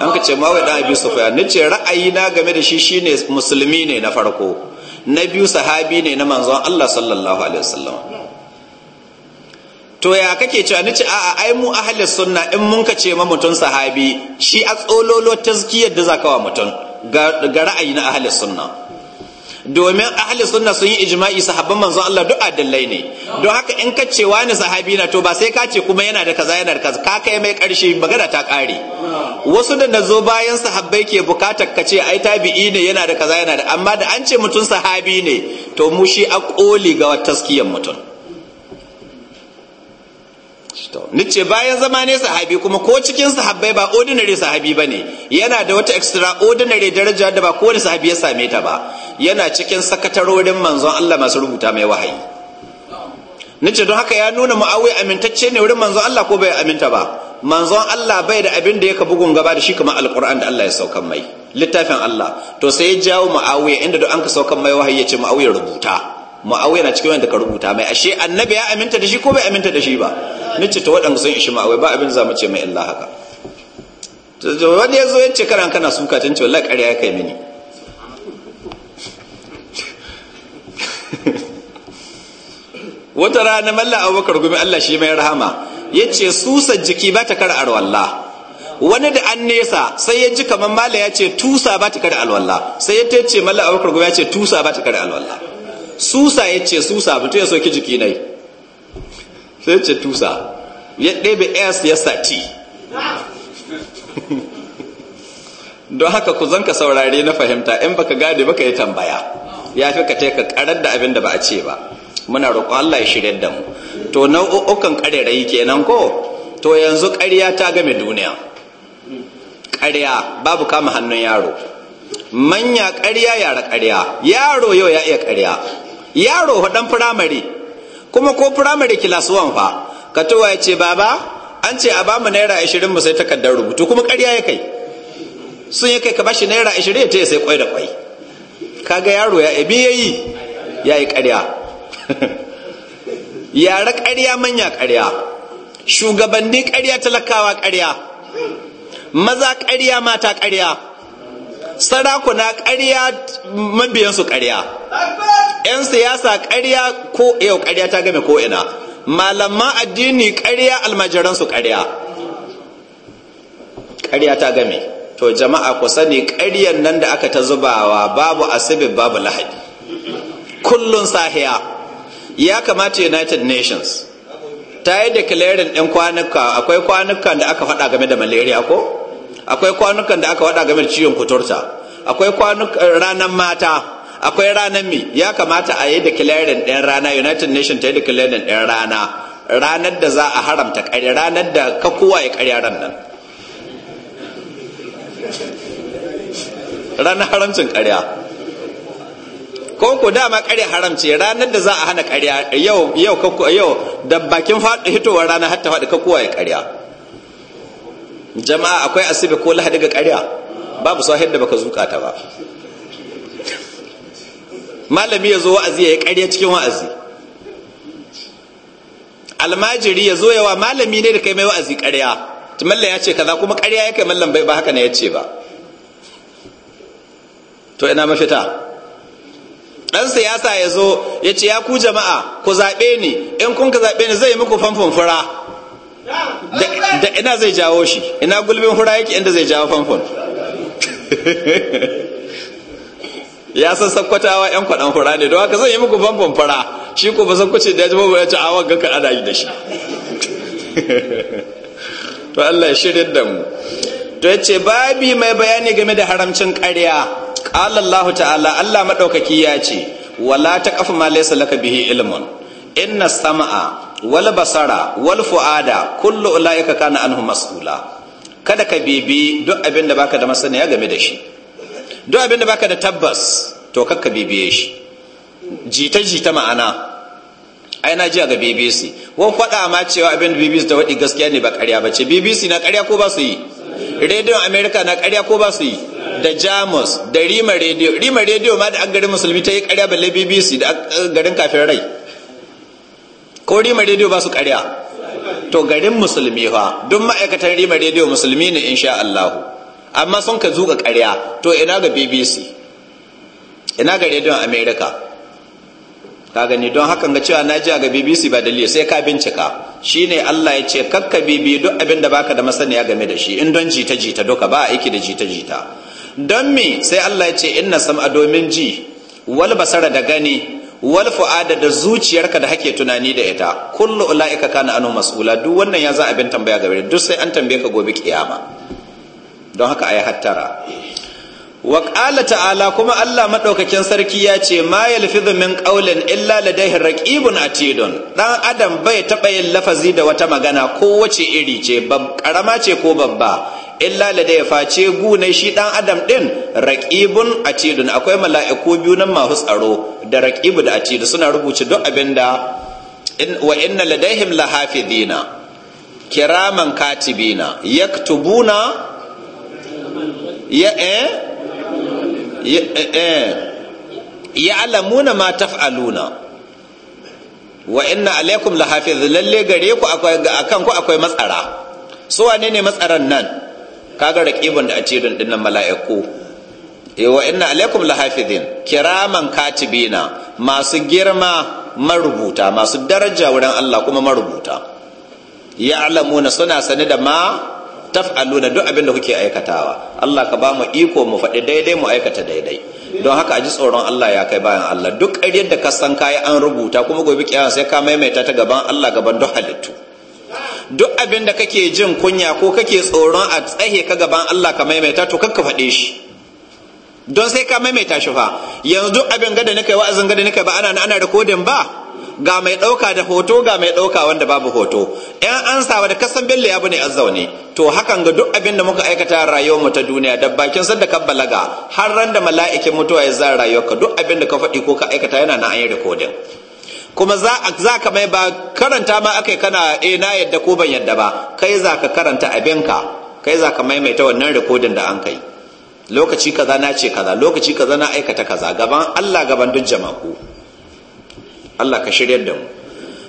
an ka ce muawiya dan abi sufyan nace ra'ayi na game da shi shine musulmi ne na farko na biyu sahabi ne na manzon Allah sallallahu alaihi wasallam to ya kake cewa ni ce a'a ai mu ahlus sunna in mun ka ce ma mutun sahabi shi a tsololo tazkiyar da zakawa mutun ga ra'ayi na ahli sunna domin ahli sunna sun yi ijma'i sahabban manzo Allah duk adallai ne don haka in ka ce wani sahabi na to ba sai ka ce kuma yana da kaza yana da kaza ka kai mai karshe magana ta kare wasu da nazo bayan sahabbai ke bukatar ka ce ai tabi'i ne yana da kaza yana da amma da an ce mutum sahabi ne to mu shi a koli ga taskiyar mutum Ni ce bayan zama ne sahabi kuma ko cikin sahabai ba ordinary sahabi ba ne yana da wata extraordinary daraja da ba kowane sahabi ya same ta ba yana cikin sakatarorin manzon Allah masu rubuta mai wahayi Ni ce don haka ya nuna mu'awai amintacce ne wurin manzon Allah ko bai aminta ba manzon Allah bai da abin da ka bugun gaba da shi kuma alquran da Allah ya saukan mai littafin Allah to sai ya jawo mu'awai, inda duk an ka saukan mai wahayi ya ce mu'awiya rubuta muawiya na cikin wanda ka rubuta mai ashe annabi ya aminta da shi ko bai aminta da shi ba nace to wadanda sun ishi muawiya ba abin zamu ce mai illa haka to ya zo ya ce karan kana suka tunce wallahi ƙarya ya kai mini wata rana malla abubakar gumi Allah shi mai rahama ya ce susa jiki ba ta kara alwalla wani da an nesa sai ya ji kamar mala ya ce tusa ba ta kara alwalla sai ya ce malla abubakar gumi ya ce tusa ba ta kara alwalla susa ya ce susa mutum ya soki jiki nai sai ce tusa ya ɗebe s ya sati don haka ku zanka saurare na fahimta in baka gade baka yi tambaya ya fi ka ka karar da abin da ba a ce ba muna roƙo Allah ya shirya da mu to nau'ukan ƙarerayi kenan ko to yanzu ƙarya ta game duniya ƙarya babu kama hannun yaro manya ƙarya yara ƙarya yaro yau ya iya ƙarya yaro hudan firamare kuma ko firamare kilas wan fa ka towa ya ce baba an ce a ba mu naira ashirin mu sai takardar rubutu kuma ƙarya ya kai sun ya kai ka bashi naira ashirin ya taya sai kwai da kwai kaga yaro ya ebi ya yi ya yi ƙarya yara ƙarya manya ƙarya shugabanni ƙarya talakawa ƙarya maza ƙarya mata ƙarya sarakuna ƙarya mabiyansu ƙarya 'yan siyasa ƙarya ko yau ƙarya ta game ko ina, malaman addini ƙarya almajiransu ƙarya ƙarya ta game to jama'a ku sani ƙaryan nan da aka ta zubawa babu asibin babu lahadi kullun sahiya ya kamata united nations ta yi declaring ɗin kwanuka akwai kwanukan da aka faɗa game da malaria ko akwai kwanukan da aka wada game da ciwon kuturta akwai eh, ranar mata akwai ranar mi ya kamata a yi da kilarin ɗan rana united nation ta yi da kilarin ɗan rana ranar da za a haramta ƙari ranar da ka kowa ya ƙarya ran nan ranar haramcin ƙarya ko dama ƙarya haramci ranar da za a hana ƙarya yau yau yau da bakin faɗi hitowar rana hatta faɗi ka kowa ya ƙarya jama'a akwai asibi ko lahadi ga ƙarya babu sahib da baka zuka ta ba malami ya zo wa'azi ya yi ƙarya cikin wa'azi almajiri ya zo yawa malami ne da kai mai wa'azi ƙarya mallan ya ce kaza kuma ƙarya ya kai mallan bai ba haka ne ya ce ba to ina mafita dan siyasa ya zo ya ce ya ku jama'a ku zaɓe ni in kun ka zaɓe ni zai muku famfon fura da ina zai jawo shi ina gulbin hura yake inda zai jawo famfon ya san sakkwatawa yan kwaɗan hura ne don haka zan yi muku famfon fara shi ko ba sakkwace da ya ji ba ya ci awon ga kaɗa yi da shi to Allah ya shirin da mu to ya ce babi mai bayani game da haramcin ƙarya ƙala Allah ta'ala Allah maɗaukaki ya ce wala ta kafa ma laisa laka bihi ilmun inna sama'a wal basara wal fu'ada kullu ulaika kana anhu mas'ula kada ka bibi duk abin da baka da masaniya game da shi duk abin da baka da tabbas to kakka bibiye shi jita jita ma'ana ai na jiya ga BBC wan faɗa ma cewa abin da BBC ta waɗi gaskiya ne ba ƙarya ba ce BBC na ƙarya ko ba su yi rediyon America na ƙarya ko ba su yi da Jamus da Rima rediyo Rima rediyo ma da an garin musulmi ta yi ƙarya balle BBC da garin kafin rai ko rima rediyo ba su ƙarya to garin musulmi fa duk ma'aikatan rima rediyo musulmi ne insha Allah amma sun ka zuga ƙarya to ina ga BBC ina ga rediyon America ka gani don hakan ga cewa na ga BBC ba dalili sai ka bincika shine Allah ya ce kakka bibi duk abin da baka da masaniya game da shi in don jita jita duka ba aiki da jita jita don me sai Allah ya ce inna sam'a domin ji wal basara da gani wal fu'ada da zuciyarka da hake tunani da ita kullu ulaika kana anu mas'ula duk wannan ya za bin tambaya gare duk sai an tambaye ka gobe kiyama don haka ayi hattara wa qala ta'ala kuma Allah madaukakin sarki ya ce ma yalfidhu min qawlin illa ladayhi raqibun atidun dan adam bai taba yin lafazi da wata magana ko wace iri ce karama ce ko babba illa ya face gune shi dan adam din raqibun atidun akwai mala'iku biyu nan masu tsaro da raqibu da atidu suna rubuce duk abinda wa inna ladaihim lahafidina kiraman katibina yaktubuna ya eh ya eh, eh, alamuna ma taf'aluna wa inna alaikum lahafiz lalle gare ku akwai akan ku akwai matsara su wane ne matsaran nan Ka kaga raqiban da don dinnan mala'iku eh wa inna alaikum lahafizin kiraman katibina masu girma marubuta masu daraja wurin Allah kuma marubuta ya'lamuna suna sani da ma na duk abin da kuke aikatawa Allah ka ba mu iko mu faɗi daidai mu aikata daidai don haka a ji tsoron Allah ya kai bayan Allah duk ƙaryar da ka san kayi an rubuta kuma gobe kiyama sai ka maimaita ta gaban Allah gaban duk halittu duk abin da kake jin kunya ko kake tsoron a tsaye ka gaban Allah ka maimaita to kanka faɗe shi don sai ka maimaita shi fa yanzu duk abin gada nika wa'azin gada nika ba ana ana rikodin ba ga mai ɗauka da hoto ga mai ɗauka wanda babu hoto ‘yan an sawa da kasan bello ya bune azzaune to hakan ga duk abin da muka aikata rayuwar mu ta duniya da bakin sanda ka balaga har ran da mala'ikin mutuwa ya zara rayuwarka duk abin da ka faɗi ko ka aikata yana na an yi rikodin kuma za ka mai ba karanta ma aka kana e na yadda ko ban yadda ba kai za ka karanta abinka kai za ka maimaita wannan rikodin da an kai lokaci kaza na ce kaza lokaci kaza na aikata kaza gaban Allah gaban duk jama'u Allah ka shiryar da mu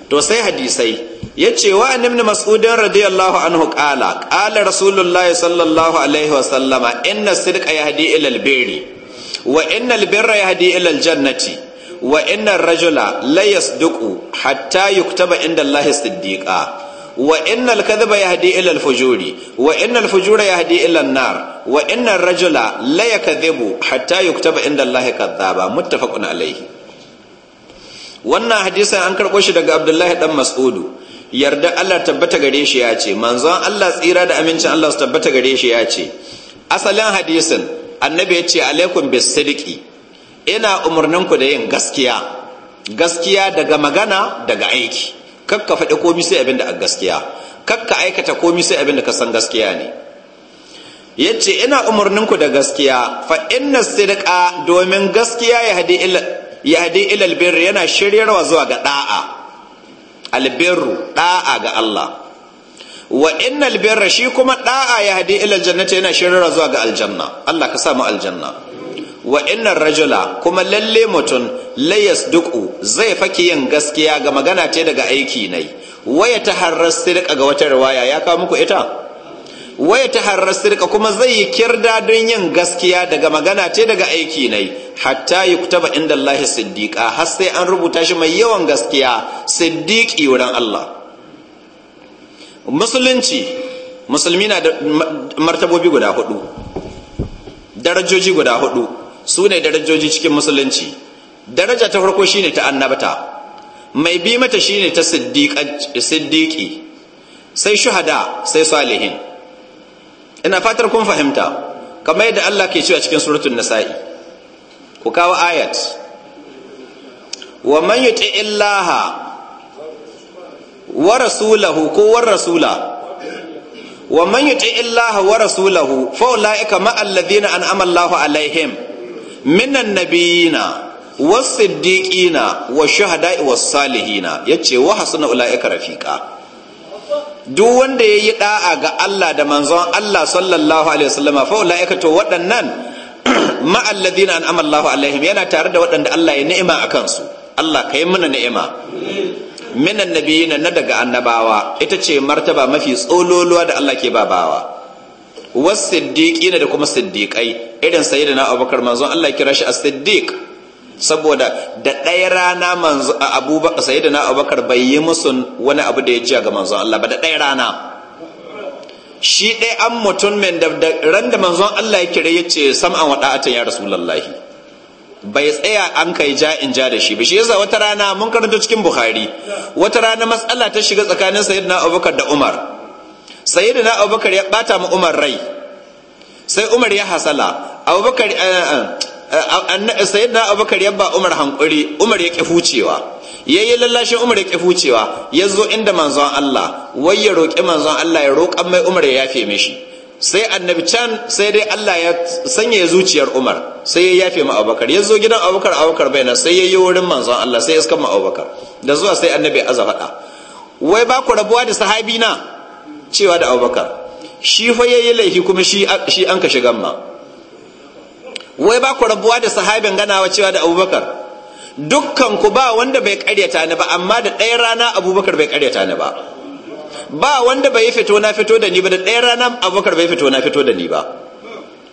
to sai hadisai ya ce wa ibn mas'udin radiyallahu anhu qala qala rasulullahi sallallahu alaihi wa sallama inna sidqa yahdi ila albirri wa inna albirra yahdi ila aljannati wa rajula la yasduqu hatta yuktaba inda Allah siddiqa wa innal kadhiba yahdi ila al fujuri wa innal fujura yahdi ila an nar wa rajula la yakdhibu hatta yuktaba inda Allah kadhaba muttafaqun alayhi wannan hadisin an karbo shi daga Abdullahi dan Mas'udu yarda Allah tabbata gare shi ya ce manzon Allah tsira da amincin Allah su tabbata gare shi ya ce asalin hadisin annabi ya ce alaikum bis sidqi ina umarninku da yin gaskiya gaskiya daga magana daga aiki kakka faɗi komi sai abin da a gaskiya kakka aikata komi sai abin da ka san gaskiya ne yace ce ina umarninku da gaskiya fa inna sidqa domin gaskiya ya hadi ilal birri yana shiryarwa zuwa ga da'a albirru da'a ga Allah wa innal birra shi kuma da'a ya hadi ilal jannati yana shiryarwa zuwa ga aljanna Allah ka sa samu aljanna wa innar rajula kuma lalle mutum layas duku zai faki yin gaskiya ga magana ce daga aiki nai waya ta harar sirka ga wata riwaya ya kawo muku ita waya ta harar sirka kuma zai yi kirda don yin gaskiya daga magana ce daga aiki nai hatta yi kutaba inda Lahi siddiqa har sai an rubuta shi mai yawan gaskiya siddiqi wurin Allah musulunci musulmi na da martabobi guda hudu darajoji guda hudu su ne darajoji cikin musulunci daraja ta farko shine ta annabta mai bi mata shine ta siddiƙi sai shuhada sai salihin ina fatar kun fahimta kamar yadda Allah ke cewa cikin suratul nisa'i ku kawo ayat wa man yuti illaha wa rasulahu ko war rasula wa man yuti illaha wa rasulahu fa ulaika ma alladhina an'ama Allahu alaihim minan nabiyina wasiddiqina wa shuhada'i was salihina yace wa hasuna ulaika rafiqa duk wanda yayi da'a ga Allah da manzon Allah sallallahu alaihi wasallama fa ulaika to waɗannan ma alladhina an'ama Allahu alaihim yana tare da waɗanda Allah ya ni'ima akan su Allah kai mana ni'ima minan nabiyina na daga annabawa ita ce martaba mafi tsololuwa da Allah ke babawa wasiddiqina da kuma siddiqai irin sayyidina abubakar manzon Allah kira shi as-siddiq saboda da ɗaya rana manzo abubakar sayyidina abubakar bai yi musu wani abu da ya ji ga manzon Allah ba da ɗaya rana shi ɗaya an mutum min da ran da manzon Allah ya kira yace sam'an wa da'atan ya rasulullahi bai tsaya an kai ja in ja da shi ba shi yasa wata rana mun karanta cikin bukhari wata rana matsala ta shiga tsakanin sayyidina abubakar da umar sayyidina abubakar ya bata ma umar rai sai umar ya hasala abubakar eh, eh, eh, sayyidina abubakar ya ba umar hankuri umar ya kifucewa ya yi lallashin umar ya kifucewa ya zo inda manzon Allah wai ya roƙi manzon Allah ya roƙan mai umar ya yafe mishi sai annabi can sai dai Allah ya sanya zuciyar umar sai ya yafe ma abubakar ya zo gidan abubakar abubakar bai nan sai ya yi wurin manzon Allah sai ya iska ma abubakar da zuwa sai annabi aza faɗa wai ba ku rabuwa da sahabi na cewa da abubakar shi faye yi laifi kuma shi shi an ka shigan ma wai ba ku rabuwa da sahabin ganawa cewa da abubakar dukkan ku ba wanda bai karyata ni ba amma da ɗaya rana abubakar bai karyata ni ba ba wanda bai fito na fito da ni ba da ɗaya rana abubakar bai fito na fito da ni ba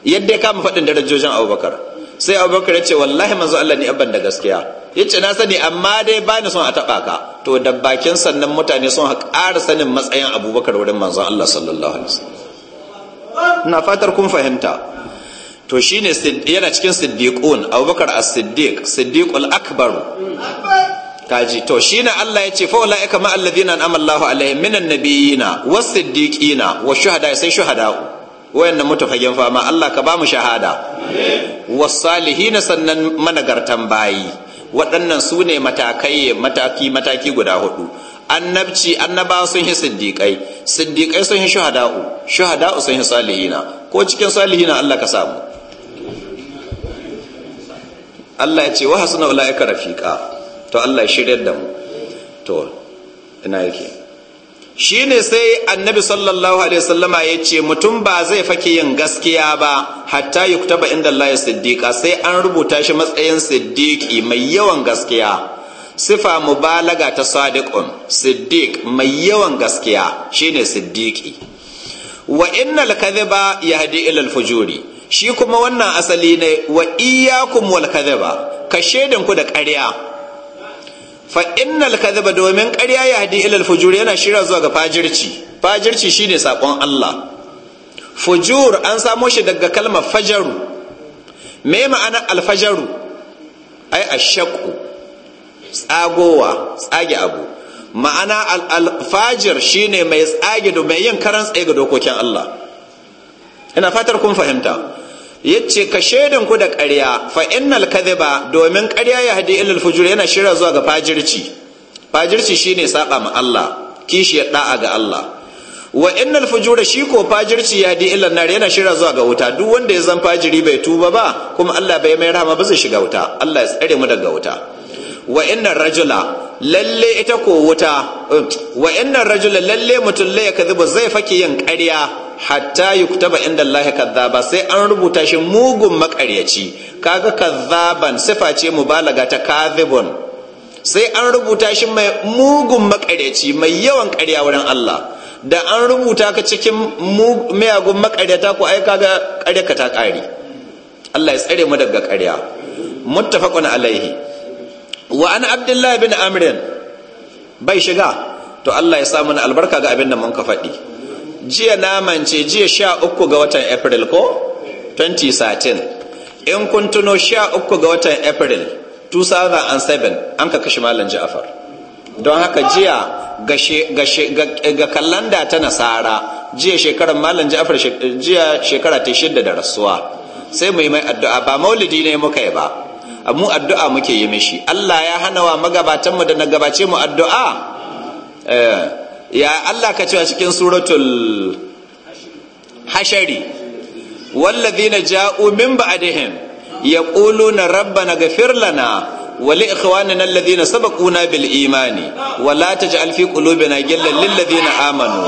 yadda ya kama faɗin darajojin abubakar sai abubakar ya ce wallahi manzo Allah ni abban da gaskiya yace na sani amma dai bani son a taɓa ka to da bakin sannan mutane sun ƙara sanin matsayin abubakar wurin manzon Allah sallallahu alaihi wasallam na fatar kun fahimta to shine yana cikin siddiqun abubakar as-siddiq siddiqul akbar kaji to shine Allah ya ce fa ulai kama alladhina an'ama Allahu alaihim minan nabiyina was-siddiqina wash-shuhada sai shuhada'u wayannan mutafagen fama Allah ka ba mu shahada was-salihina sannan managartan bayi waɗannan su ne matakai mataki mataki guda hudu annabci annaba sun yi siddiƙai siddiƙai sun yi shuhada'u shuhada'u sun yi salihina ko cikin salihina Allah ka samu Allah ya ce wa hasuna ula'ika rafiqa to Allah ya shirya da mu to ina yake shine sai annabi sallallahu alaihi wasallama ya ce mutum ba zai fake yin gaskiya ba hatta ya kutaba inda Allah ya sai an rubuta shi matsayin siddiqi mai yawan gaskiya sifa mubalaga ta sadiqun siddiq mai yawan gaskiya shine siddiqi wa innal kadhiba yahdi ila fujuri shi kuma wannan asali ne wa iyyakum wal kadhiba ka shaidan ku da ƙarya fa innal kadhaba domin ƙarya ya hadi ilal fujur yana shira zuwa ga fajirci fajirci shine sakon Allah fujur an samo shi daga kalmar fajaru me ma'ana alfajaru ai ashaqu tsagowa tsage abu ma'ana alfajir shine mai tsage domin yin karan tsaye ga dokokin Allah ina fatar kun fahimta yace ka shaidan ku da ƙarya fa innal kadhiba domin ƙarya ya hadi ilal fujur yana shirya zuwa ga fajirci fajirci shine saba ma Allah kishi ya da'a ga Allah wa innal fujur shi ko fajirci ya hadi ilal nar yana shirya zuwa ga wuta duk wanda ya zan fajiri bai tuba ba kuma Allah bai mai rahama ba zai shiga wuta Allah ya tsare mu daga wuta wa innar rajula lalle ita ko wuta wa innar rajula lalle mutum ya yakdhibu zai fake yin ƙarya hatta yuktaba inda Allah kazzaba sai an rubuta shi mugun makaryaci kaga kazzaban sifa ce mubalaga ta kadhibun sai an rubuta shi mai mugun makaryaci mai yawan karya wurin Allah da an rubuta ka cikin miyagun makaryata ko ai kaga karya ka ta kare Allah ya tsare mu daga karya muttafaqun alaihi wa an abdullahi bin amrin bai shiga to Allah ya sa mana albarka ga abin da mun ka faɗi jiya naman ce jiya sha uku ga watan april ko 2013 in kun tuno sha uku ga watan april 2007 an ka kashe malam ja'afar don haka jiya ga kalanda ta nasara jiya shekarar malam ja'afar jiya shekara ta shidda da rasuwa sai mu yi mai addu'a ba maulidi ne muka yi ba mu addu'a muke yi mishi Allah ya hana wa magabatanmu da na gabace mu addu'a eh, ya Allah ka ce a cikin suratul hashari wallazina ja'u min ba'dihim yaquluna rabbana ghfir lana ولإخواننا الذين سبقونا بالإيمان ولا تجعل في قلوبنا جلا للذين amanu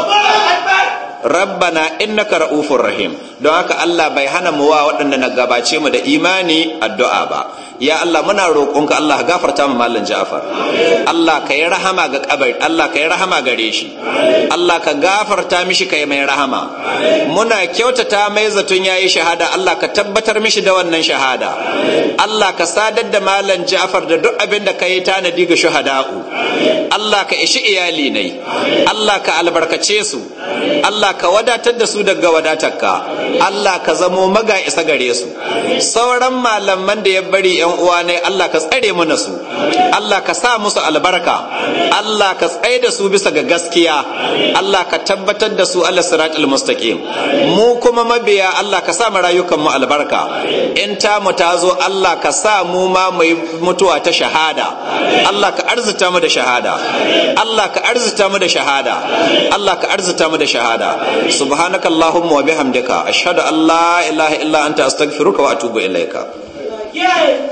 rabbana innaka ra'ufur rahim don haka Allah bai hana mu wa waɗanda na gabace mu da imani addu'a ba ya Allah muna roƙonka Allah gafarta mu mallan Ja'far Allah ka yi rahama ga kabari Allah ka yi rahama gare shi Allah ka gafarta mishi kai mai rahama muna kyautata mai zaton yayi shahada Allah ka tabbatar mishi da wannan shahada Allah ka sadar da mallan Ja'far da duk abin da ka yi tanadi ga shuhada'u Allah ka ishi iyali nai Allah ka albarkace su Allah ka wadatar da su daga wadatarka Allah ka zamo maga isa gare su sauran malaman da ya bari yan uwa ne Allah ka tsare mana su Allah ka sa musu albarka Allah ka tsaye da su bisa ga gaskiya Allah ka tabbatar da su Allah siratul mustaqim mu kuma mabiya Allah ka sa mu rayukan mu albarka in ta mu ta zo Allah ka sa mu ma mai mutuwa ta shahada Allah ka arzuta mu da shahada Allah ka arzuta mu da shahada Allah ka arzuta mu da shahada subhanakallahumma wa bihamdika ashhadu an la ilaha illa anta astaghfiruka wa atubu ilaika Yay!